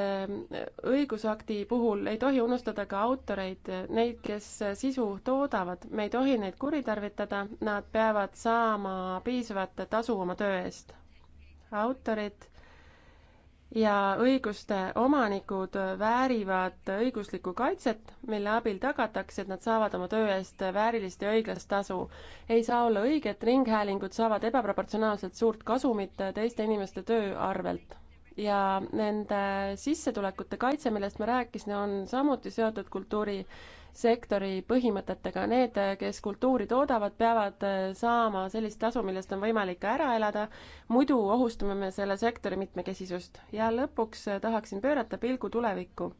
õigusakti puhul ei tohi unustada ka autoreid, neid, kes sisu toodavad, me ei tohi neid kuritarvitada, nad peavad saama piisavat tasu oma töö eest. autorid ja õiguste omanikud väärivad õiguslikku kaitset, mille abil tagatakse, et nad saavad oma töö eest väärilist ja õiglast tasu. ei saa olla õige, et ringhäälingud saavad ebaproportsionaalselt suurt kasumit teiste inimeste töö arvelt. ja nende sissetulekute kaitse, millest ma rääkisin, on samuti seotud kultuuri sektori põhimõtetega. Need, kes kultuuri toodavad, peavad äh, saama sellist tasu, millest on võimalik ära elada, muidu ohustame me selle sektori mitmekesisust. ja lõpuks äh, tahaksin pöörata pilgu tulevikku.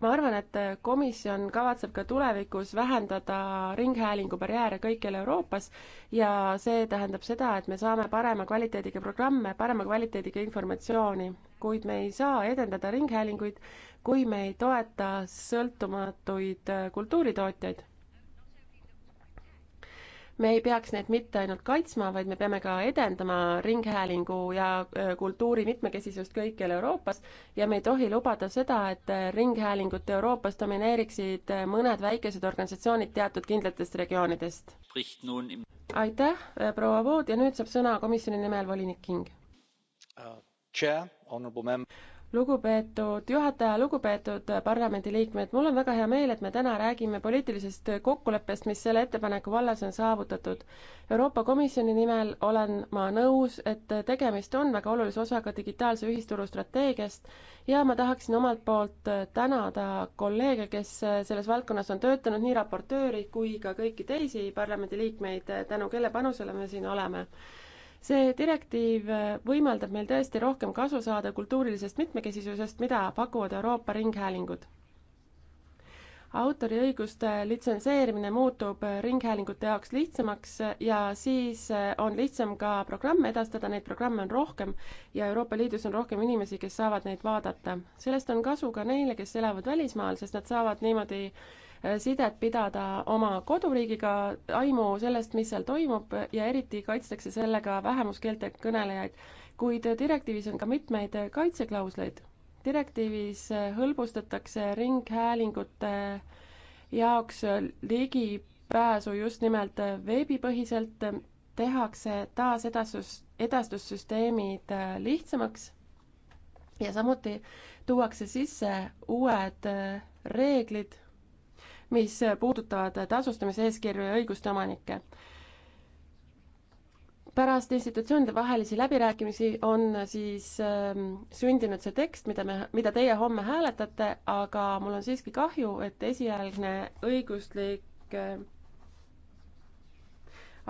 ma arvan, et äh, komisjon kavatseb ka tulevikus vähendada ringhäälingu barjääre kõikjal Euroopas ja see tähendab seda, et me saame parema kvaliteediga programme, parema kvaliteediga informatsiooni kuid me ei saa edendada ringhäälinguid, kui me ei toeta sõltumatuid äh, kultuuritootjaid, me ei peaks neid mitte ainult kaitsma, vaid me peame ka edendama ringhäälingu ja äh, kultuuri mitmekesisust kõikjal Euroopas ja me ei tohi lubada seda, et äh, ringhäälingut Euroopas domineeriksid mõned väikesed organisatsioonid teatud kindlatest regioonidest. aitäh, proua Vood ja nüüd saab sõna komisjoni nimel volinik King uh, lugupeetud juhataja, lugupeetud parlamendiliikmed, mul on väga hea meel, et me täna räägime poliitilisest kokkuleppest, mis selle ettepaneku vallas on saavutatud. Euroopa Komisjoni nimel olen ma nõus, et tegemist on väga olulise osaga digitaalse ühisturu strateegiast ja ma tahaksin omalt poolt tänada kolleege, kes selles valdkonnas on töötanud, nii raportööri kui ka kõiki teisi parlamendiliikmeid, tänu kelle panusele me siin oleme see direktiiv äh, võimaldab meil tõesti rohkem kasu saada kultuurilisest mitmekesisusest, mida pakuvad Euroopa ringhäälingud. autoriõiguste litsenseerimine muutub äh, ringhäälingute jaoks lihtsamaks äh, ja siis on lihtsam ka programme edastada, neid programme on rohkem ja Euroopa Liidus on rohkem inimesi, kes saavad neid vaadata. sellest on kasu ka neile, kes elavad välismaal, sest nad saavad niimoodi Äh, sidet pidada oma koduriigiga, aimu sellest, mis seal toimub ja eriti kaitstakse sellega vähemuskeelte kõnelejaid. kuid direktiivis on ka mitmeid kaitseklausleid. direktiivis äh, hõlbustatakse ringhäälingute jaoks ligipääsu just nimelt veebipõhiselt, tehakse taasedastus, edastussüsteemid äh, lihtsamaks ja samuti tuuakse sisse uued reeglid mis puudutavad tasustamise eeskirju ja õiguste omanikke pärast institutsioonide vahelisi läbirääkimisi on siis ähm, sündinud see tekst, mida me, mida teie homme hääletate, aga mul on siiski kahju, et esialgne õiguslik äh,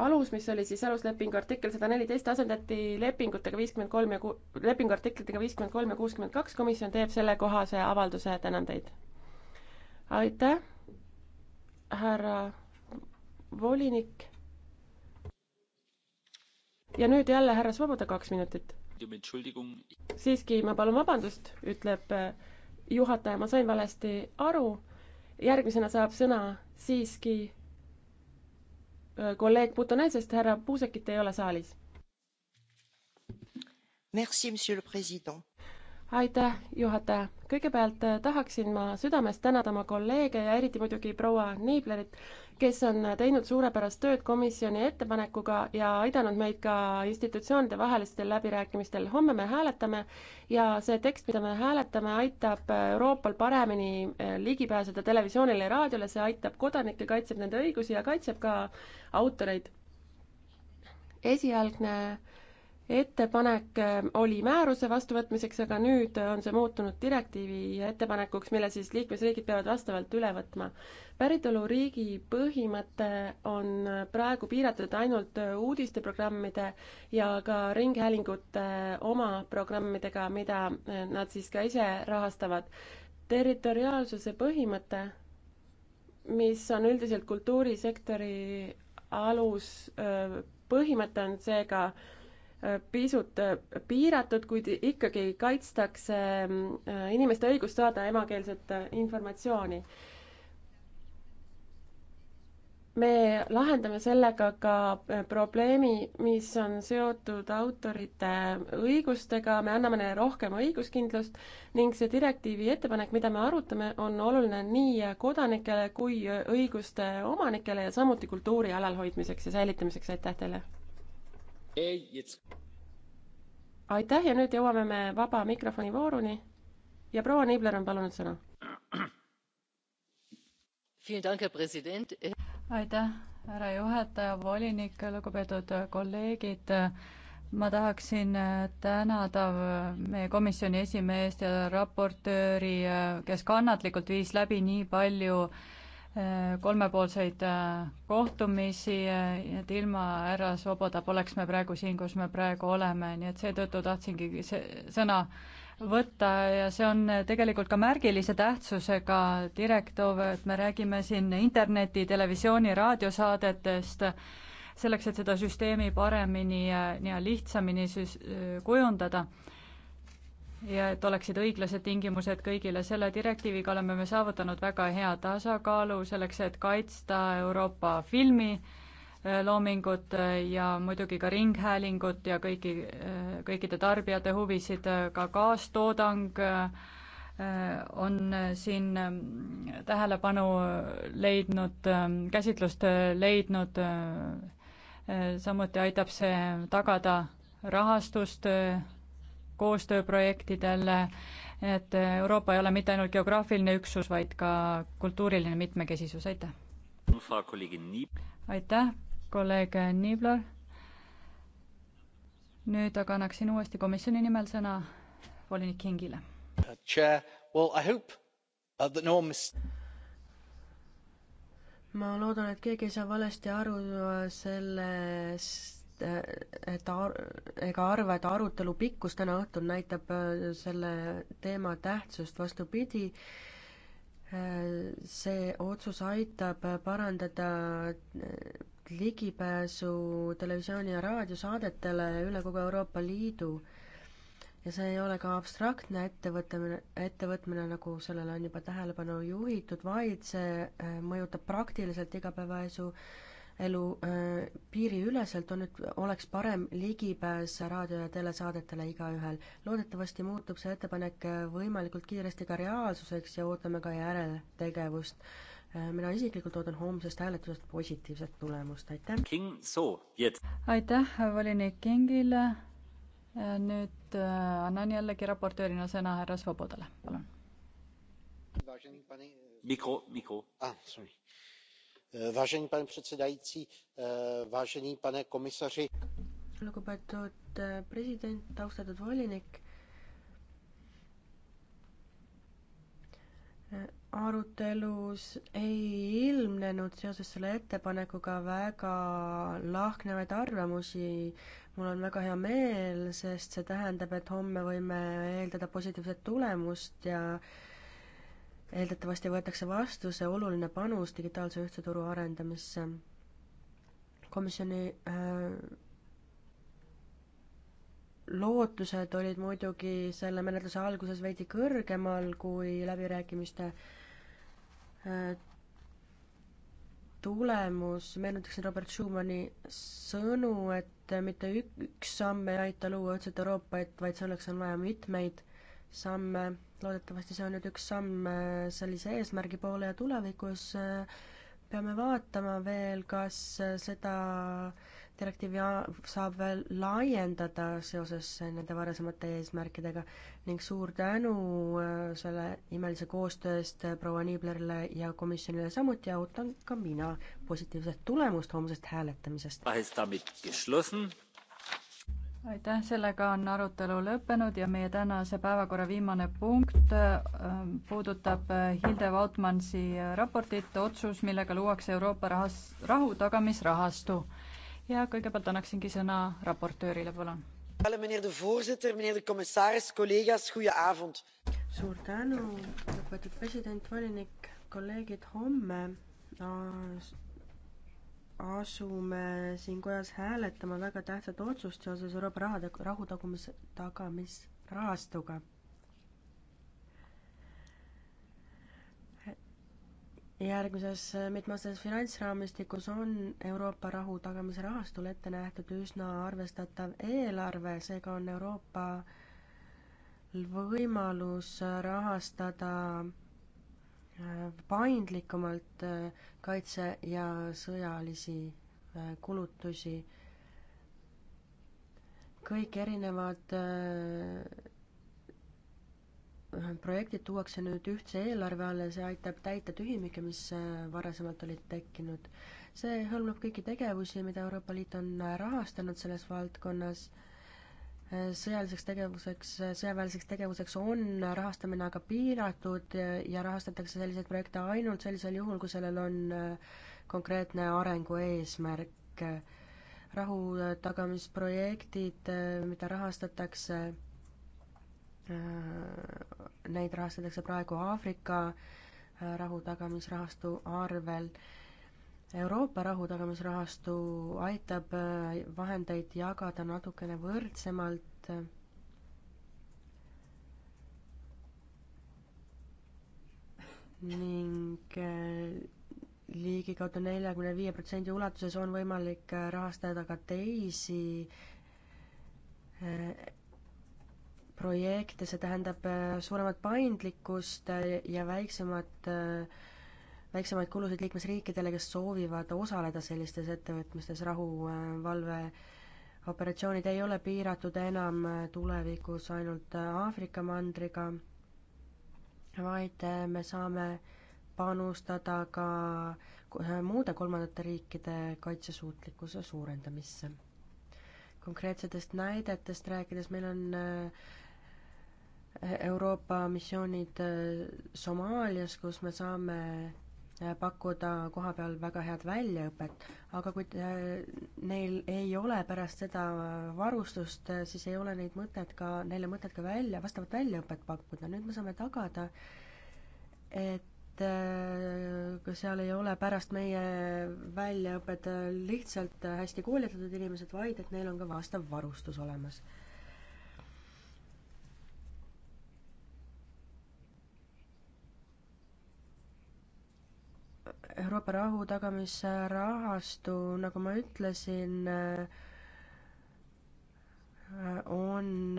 alus, mis oli siis aluslepingu artikkel sada neliteist, asendati lepingutega viiskümmend kolm ja ku-, lepingu artiklitega viiskümmend kolm ja kuuskümmend kaks, komisjon teeb sellekohase avalduse, tänan teid. aitäh härra volinik. ja nüüd jälle härra Svoboda, kaks minutit. siiski, ma palun vabandust, ütleb äh, juhataja, ma sain valesti aru. järgmisena saab sõna siiski äh, kolleeg Putonesest, härra Puusekit ei ole saalis. Merci, monsieur le president aitäh, juhataja. kõigepealt äh, tahaksin ma südamest tänada oma kolleege ja eriti muidugi proua Niiblerit, kes on äh, teinud suurepärast tööd komisjoni ettepanekuga ja aidanud meid ka institutsioonide vahelistel läbirääkimistel. homme me hääletame ja see tekst, mida me hääletame, aitab äh, Euroopal paremini ligi pääseda televisioonile ja raadiole, see aitab kodanikke, kaitseb nende õigusi ja kaitseb ka autoreid. esialgne äh, ettepanek äh, oli määruse vastuvõtmiseks, aga nüüd on see muutunud direktiivi ettepanekuks, mille siis liikmesriigid peavad vastavalt üle võtma. päritoluriigi põhimõte on praegu piiratud ainult uudisteprogrammide ja ka ringhäälingute oma programmidega, mida äh, nad siis ka ise rahastavad. territoriaalsuse põhimõte, mis on üldiselt kultuurisektori alus, äh, põhimõte on seega äh, pisut äh, piiratud, kuid ikkagi kaitstakse mm, äh, inimeste õigust saada emakeelset äh, informatsiooni. me lahendame sellega ka probleemi, mis on seotud autorite õigustega, me anname neile rohkem õiguskindlust ning see direktiivi ettepanek, mida me arutame, on oluline nii kodanikele kui õiguste omanikele ja samuti kultuuri alalhoidmiseks ja säilitamiseks, aitäh teile! aitäh ja nüüd jõuame me vaba mikrofoni vooruni ja proua niebler on palunud sõna. aitäh, härra juhataja, volinik, lugupeetud kolleegid. ma tahaksin tänada meie komisjoni esimeest ja raportööri, kes kannatlikult viis läbi nii palju äh, kolmepoolseid äh, kohtumisi, äh, et ilma härra Svoboda poleks me praegu siin, kus me praegu oleme, nii et seetõttu tahtsingi see sõna võtta ja see on tegelikult ka märgilise tähtsusega direktiiv, et me räägime siin interneti, televisiooni, raadiosaadetest, selleks, et seda süsteemi paremini ja lihtsamini süs-, kujundada ja et oleksid õiglased tingimused kõigile. selle direktiiviga oleme me saavutanud väga hea tasakaalu selleks, et kaitsta Euroopa filmi äh, loomingut äh, ja muidugi ka ringhäälingut ja kõiki, äh, kõikide tarbijate huvisid, ka kaastoodang on siin tähelepanu leidnud, ähm, käsitlust leidnud, samuti aitab see tagada rahastust koostööprojektidel, et Euroopa ei ole mitte ainult geograafiline üksus, vaid ka kultuuriline mitmekesisus, aitäh! aitäh, kolleeg Niibler. nüüd aga annaksin uuesti komisjoni nimel sõna volinik Kingile. Uh, uh, ma loodan, et keegi ei saa valesti aru uh, sellest, et, et ega arva, et arutelu pikkus täna õhtul näitab äh, selle teema tähtsust, vastupidi, äh, see otsus aitab äh, parandada ligipääsu televisiooni ja raadiosaadetele üle kogu Euroopa Liidu ja see ei ole ka abstraktne ettevõtmine, ettevõtmine, nagu sellele on juba tähelepanu juhitud, vaid see mõjutab praktiliselt igapäevaelu elu piiriüleselt, on nüüd, oleks parem ligipääs raadio- ja telesaadetele igaühel. loodetavasti muutub see ettepanek võimalikult kiiresti ka reaalsuseks ja ootame ka järeltegevust. mina isiklikult ootan homsest hääletusest positiivset tulemust, aitäh! aitäh volinik Kingile, nüüd annan jällegi raportöörina sõna härra Svobodale, palun. mikro, mikro ah, pane předsedající vážený pane komisaři lugupeetud eh, president austatud volinik eh, arutelus ei ilmnenud seoses selle ettepanekuga väga lahknevaid arvamusi. mul on väga hea meel, sest see tähendab, et homme võime eeldada positiivset tulemust ja äh, eeldatavasti võetakse vastu see oluline panus digitaalse ühtse turu arendamisse. komisjoni äh, lootused olid muidugi selle menetluse alguses veidi kõrgemal kui läbirääkimiste äh, tulemus, meenutaksin Robert Schumani sõnu, et mitte üks samm ei aita luua ühtset Euroopat, vaid selleks on vaja mitmeid samme, loodetavasti see on nüüd üks samm äh, sellise eesmärgi poole ja tulevikus äh, peame vaatama veel, kas äh, seda direktiivi saab veel laiendada seoses nende varasemate eesmärkidega ning suur tänu selle imelise koostöö eest proua Niiblerile ja komisjonile samuti ja ootan ka mina positiivset tulemust homsest hääletamisest aitäh, sellega on arutelu lõppenud ja meie tänase päevakorra viimane punkt äh, puudutab äh, Hilde Vautmansi äh, raportit, otsus, millega luuakse Euroopa rahas, rahu tagamisrahastu. ja kõigepealt annaksingi sõna raportöörile, palun. suur tänu, lugupeetud president, volinik, kolleegid, homme asume siin kojas hääletama väga tähtsat otsust seoses Euroopa rahade, rahu tagumis, tagamisrahastuga. järgmises mitmeaastases finantsraamistikus on Euroopa rahu tagamise rahastul ette nähtud üsna arvestatav eelarve, seega on Euroopa võimalus rahastada Äh, paindlikumalt äh, kaitse- ja sõjalisi äh, kulutusi. kõik erinevad projektid tuuakse nüüd ühtse eelarve alla ja see aitab täita tühimikke, mis varasemalt olid tekkinud. see hõlmab kõiki tegevusi, mida Euroopa Liit on rahastanud selles valdkonnas sõjaliseks tegevuseks, sõjaväeliseks tegevuseks on rahastamine aga piiratud ja rahastatakse selliseid projekte ainult sellisel juhul, kui sellel on äh, konkreetne arengu eesmärk. rahutagamisprojektid, äh, mida rahastatakse, äh, neid rahastatakse praegu Aafrika rahutagamisrahastu arvel Euroopa rahutagamisrahastu aitab äh, vahendeid jagada natukene võrdsemalt ning äh, ligikaudu neljakümne viie protsendi ulatuses on võimalik äh, rahastada ka teisi projekte, see tähendab suuremat paindlikkust ja väiksemat äh, väiksemaid kulusid liikmesriikidele, kes soovivad osaleda sellistes ettevõtmistes, rahuvalve äh, operatsioonid ei ole piiratud enam äh, tulevikus ainult äh, Aafrika mandriga, vaid me saame panustada ka muude kolmandate riikide kaitsesuutlikkuse suurendamisse. konkreetsetest näidetest rääkides, meil on Euroopa missioonid Somaalias, kus me saame Äh, pakkuda kohapeal väga head väljaõpet, aga kui äh, neil ei ole pärast seda varustust, äh, siis ei ole neid mõtet ka, neile mõtet ka välja, vastavat väljaõpet pakkuda, nüüd me saame tagada, et kui seal ei ole pärast meie väljaõpet lihtsalt hästi koolitatud inimesed, vaid et neil on ka vastav varustus olemas Euroopa rahu tagamise rahastu, nagu ma ütlesin, on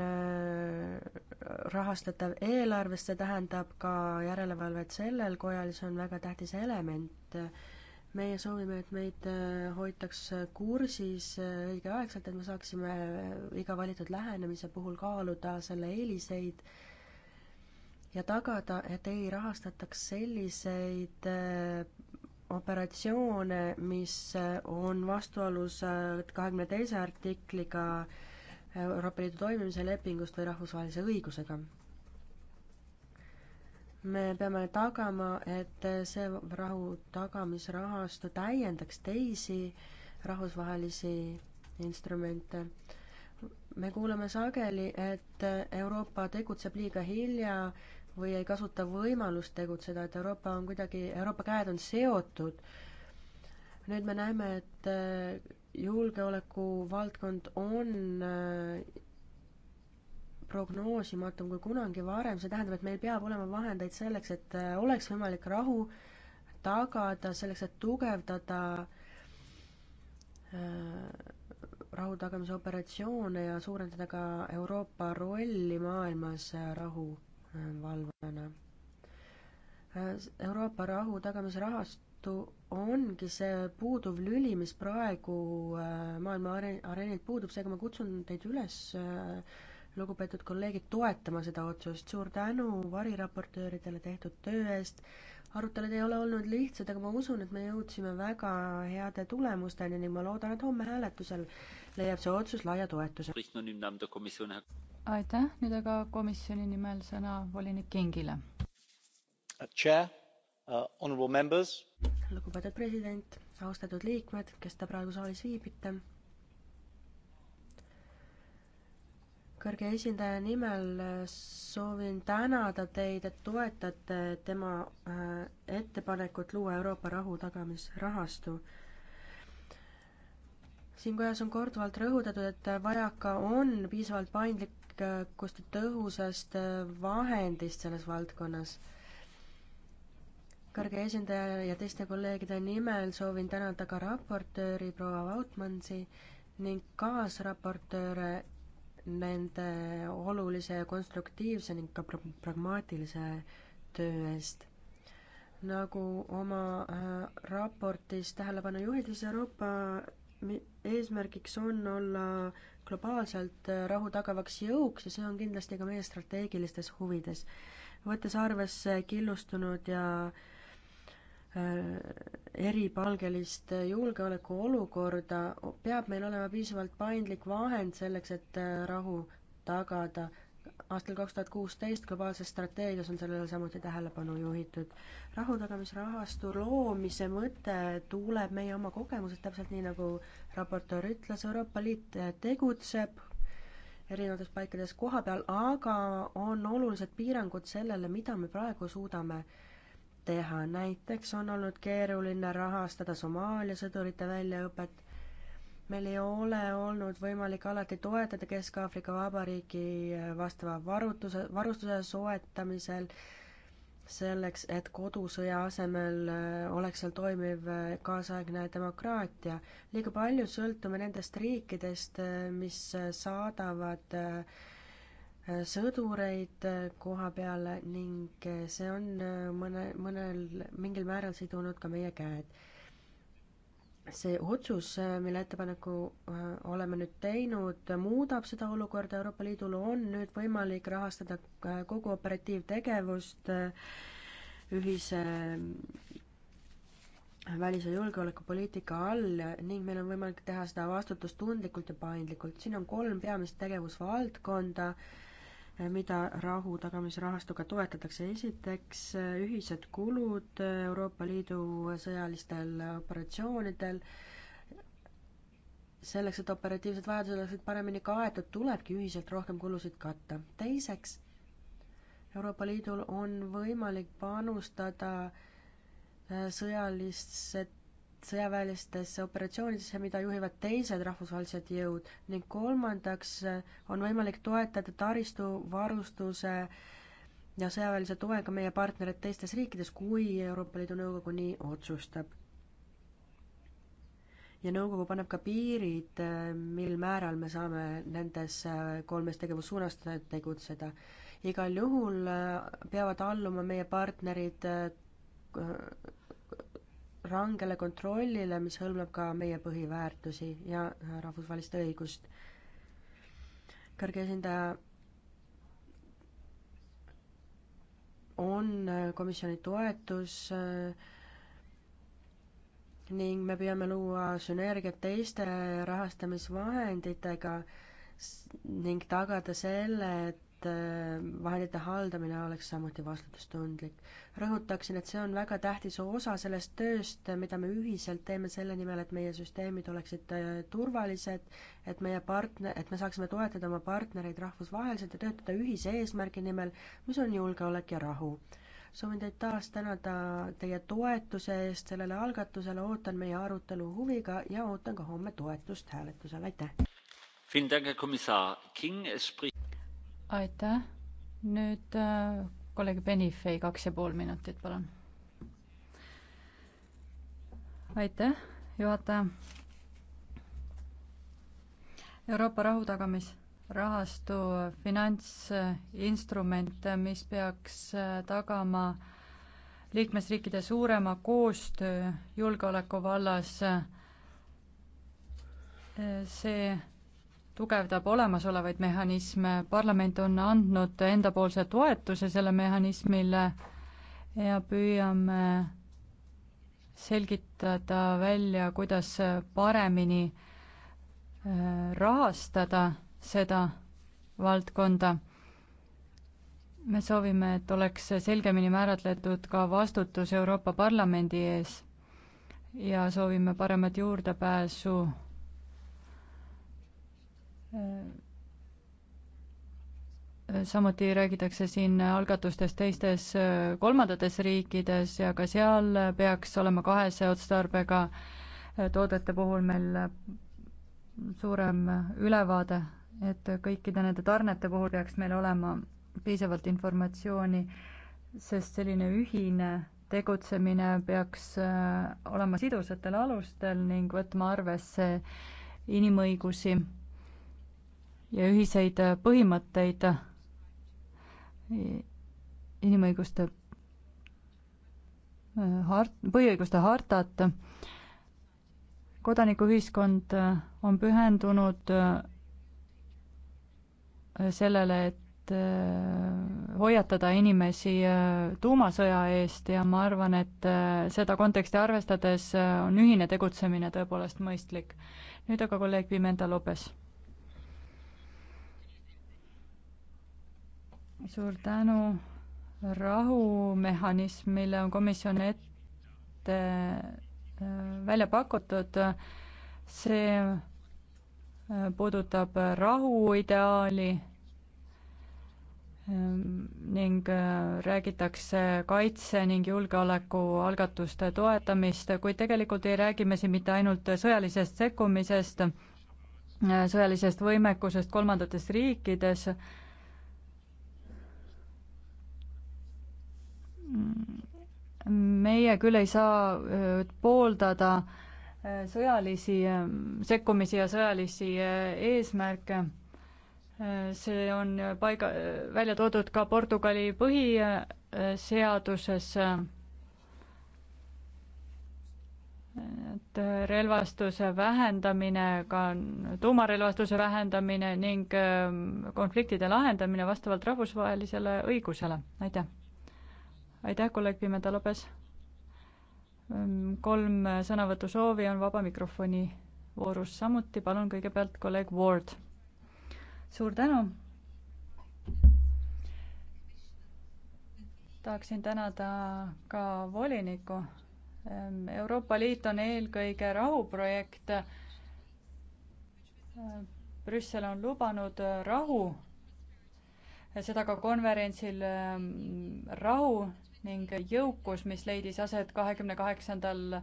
rahastatav eelarvest, see tähendab ka järelevalvet sellel kojal, see on väga tähtis element. meie soovime, et meid hoitaks kursis õigeaegselt, et me saaksime iga valitud lähenemise puhul kaaluda selle eeliseid ja tagada, et ei rahastataks selliseid operatsioone, mis on vastuolus äh, kahekümne teise artikliga Euroopa Liidu toimimise lepingust või rahvusvahelise õigusega. me peame tagama, et see rahu tagamisrahastu täiendaks teisi rahvusvahelisi instrumente. me kuuleme sageli, et Euroopa tegutseb liiga hilja või ei kasuta võimalust tegutseda, et Euroopa on kuidagi, Euroopa käed on seotud. nüüd me näeme, et äh, julgeoleku valdkond on äh, prognoosimatum kui kunagi varem, see tähendab, et meil peab olema vahendeid selleks, et äh, oleks võimalik rahu tagada, selleks, et tugevdada rahu tagamise operatsioone ja suurendada ka Euroopa rolli maailmas rahu valvajana. Euroopa rahu tagamisrahastu ongi see puuduv lüli, mis praegu äh, maailma areenilt puudub, seega ma kutsun teid üles, äh, lugupeetud kolleegid, toetama seda otsust. suur tänu variraportööridele tehtud töö eest. arutelud ei ole olnud lihtsad, aga ma usun, et me jõudsime väga heade tulemusteni ning ma loodan, et homme hääletusel leiab see otsus laia toetuse aitäh, nüüd aga komisjoni nimel sõna volinik Kingile. Uh, uh, lugupeetud president, austatud liikmed, kes te praegu saalis viibite. kõrge esindaja nimel uh, soovin tänada teid, et toetate tema ettepanekut luua Euroopa rahu tagamisrahastu siin kojas on korduvalt rõhutatud, et vajaka on piisavalt paindlik-, võimalikust äh, tõhusast äh, vahendist selles valdkonnas. kõrge esindaja ja teiste kolleegide nimel soovin tänada ka raportööri proua Vautmansi ning kaasraportööre nende olulise ja konstruktiivse ning ka pragmaatilise töö eest nagu oma äh, raportis tähelepanu juhid, siis Euroopa eesmärgiks on olla globaalselt äh, rahu tagavaks jõuks ja see on kindlasti ka meie strateegilistes huvides. võttes arvesse killustunud ja äh, eripalgelist äh, julgeolekuolukorda, peab meil olema piisavalt paindlik vahend selleks, et rahu tagada aastal kaks tuhat kuusteist globaalses strateegias on sellele samuti tähelepanu juhitud. rahutagamisrahastu loomise mõte tuleb meie oma kogemusest, täpselt nii, nagu raportöör ütles, Euroopa Liit tegutseb erinevates paikades koha peal, aga on olulised piirangud sellele, mida me praegu suudame teha, näiteks on olnud keeruline rahastada Somaalia sõdurite väljaõpet meil ei ole olnud võimalik alati toetada Kesk-Aafrika Vabariigi äh, vastava varutuse, varustuse soetamisel, selleks, et kodusõja asemel äh, oleks seal toimiv äh, kaasaegne demokraatia. liiga palju sõltume nendest riikidest, mis saadavad sõdureid koha peale ning see on mõne, mõnel, mingil määral sidunud ka meie käed see otsus, mille ettepaneku äh, oleme nüüd teinud, muudab seda olukorda, Euroopa Liidul on nüüd võimalik rahastada äh, kogu operatiivtegevust äh, ühise välis- ja julgeolekupoliitika all ning meil on võimalik teha seda vastutustundlikult ja paindlikult. siin on kolm peamist tegevusvaldkonda mida rahu tagamisrahastuga toetatakse. esiteks ühised kulud Euroopa Liidu sõjalistel operatsioonidel. selleks, et operatiivsed vajadused oleksid paremini kaetud, tulebki ühiselt rohkem kulusid katta. teiseks, Euroopa Liidul on võimalik panustada äh, sõjalisse sõjaväelistesse operatsioonidesse, mida juhivad teised rahvusvahelised jõud ning kolmandaks on võimalik toetada taristu, varustuse ja sõjaväelise toega meie partnereid teistes riikides, kui Euroopa Liidu Nõukogu nii otsustab. ja nõukogu paneb ka piirid, mil määral me saame nendes kolmes tegevussuunas tegutseda. igal juhul peavad alluma meie partnerid rangele kontrollile, mis hõlmab ka meie põhiväärtusi ja rahvusvahelist õigust. kõrge esindaja on komisjoni toetus ning me püüame luua sünergiat teiste rahastamisvahenditega ning tagada selle, et Äh, vahendite haldamine oleks samuti vastutustundlik. rõhutaksin, et see on väga tähtis osa sellest tööst, mida me ühiselt teeme selle nimel, et meie süsteemid oleksid äh, turvalised, et meie partner, et me saaksime toetada oma partnereid rahvusvaheliselt ja töötada ühise eesmärgi nimel, mis on julgeolek ja rahu soovin teid taas tänada teie toetuse eest sellele algatusele, ootan meie arutelu huviga ja ootan ka homme toetust hääletusel, aitäh! aitäh, nüüd äh, kolleeg Benifei, kaks ja pool minutit, palun. aitäh, juhataja. Euroopa rahutagamisrahastu finantsinstrument, mis peaks äh, tagama liikmesriikide suurema koostöö julgeoleku vallas, äh, see tugevdab olemasolevaid mehhanisme, parlament on andnud endapoolse toetuse selle mehhanismile ja püüame selgitada välja, kuidas paremini äh, rahastada seda valdkonda. me soovime, et oleks selgemini määratletud ka vastutus Euroopa Parlamendi ees ja soovime paremat juurdepääsu samuti räägitakse siin algatustest teistes äh, kolmandates riikides ja ka seal peaks olema kahese otstarbega äh, toodete puhul meil äh, suurem ülevaade, et kõikide nende tarnete puhul peaks meil olema piisavalt informatsiooni, sest selline ühine tegutsemine peaks olema sidusatel alustel ning võtma arvesse inimõigusi ja ühiseid äh, põhimõtteid äh, inimõiguste äh, hart-, põhiõiguste hartat. kodanikuühiskond on pühendunud sellele, et hoiatada inimesi tuumasõja eest ja ma arvan, et seda konteksti arvestades on ühine tegutsemine tõepoolest mõistlik. nüüd aga kolleeg Pimenta Lopes suur tänu. rahumehhanism, mille on komisjon ette äh, välja pakutud, see äh, puudutab rahuideaali äh, ning räägitakse kaitse ning julgeoleku algatuste toetamist, kuid tegelikult ei räägi me siin mitte ainult sõjalisest sekkumisest, sõjalisest võimekusest kolmandates riikides, meie küll ei saa pooldada sõjalisi sekkumisi ja sõjalisi eesmärke. see on paiga, välja toodud ka Portugali põhiseaduses. et relvastuse vähendamine, ka tuumarelvastuse vähendamine ning konfliktide lahendamine vastavalt rahvusvahelisele õigusele, aitäh aitäh, kolleeg Pimeda Lopes. Ehm, kolm sõnavõtusoovi on vaba mikrofoni voorus samuti, palun kõigepealt kolleeg Ward. suur tänu. tahaksin tänada ka volinikku. Ehm, Euroopa Liit on eelkõige rahuprojekt. Ehm, Brüssel on lubanud eh, rahu, seda ka konverentsil rahu ning jõukus, mis leidis aset kahekümne kaheksandal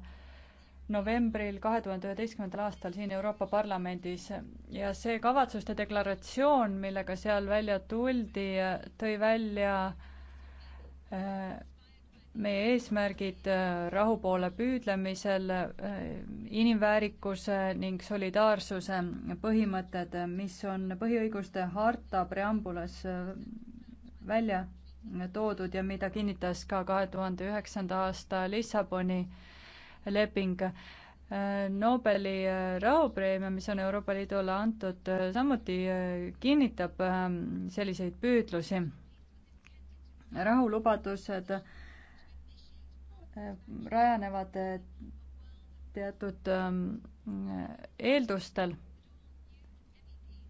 novembril kahe tuhande üheteistkümnendal aastal siin Euroopa Parlamendis ja see kavatsuste deklaratsioon, millega seal välja tuldi, tõi välja äh, meie eesmärgid äh, rahu poole püüdlemisel, äh, inimväärikuse ning solidaarsuse põhimõtted, mis on põhiõiguste harta preambulas välja toodud ja mida kinnitas ka kahe tuhande üheksanda aasta Lissaboni leping. Nobeli rahupreemia, mis on Euroopa Liidule antud, samuti kinnitab ähm, selliseid püüdlusi. rahulubadused äh, rajanevad äh, teatud ähm, eeldustel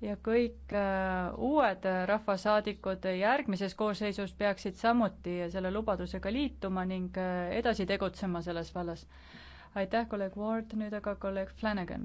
ja kõik äh, uued äh, rahvasaadikud järgmises koosseisus peaksid samuti selle lubadusega liituma ning äh, edasi tegutsema selles vallas. aitäh, kolleeg Ward, nüüd aga kolleeg Flanagan.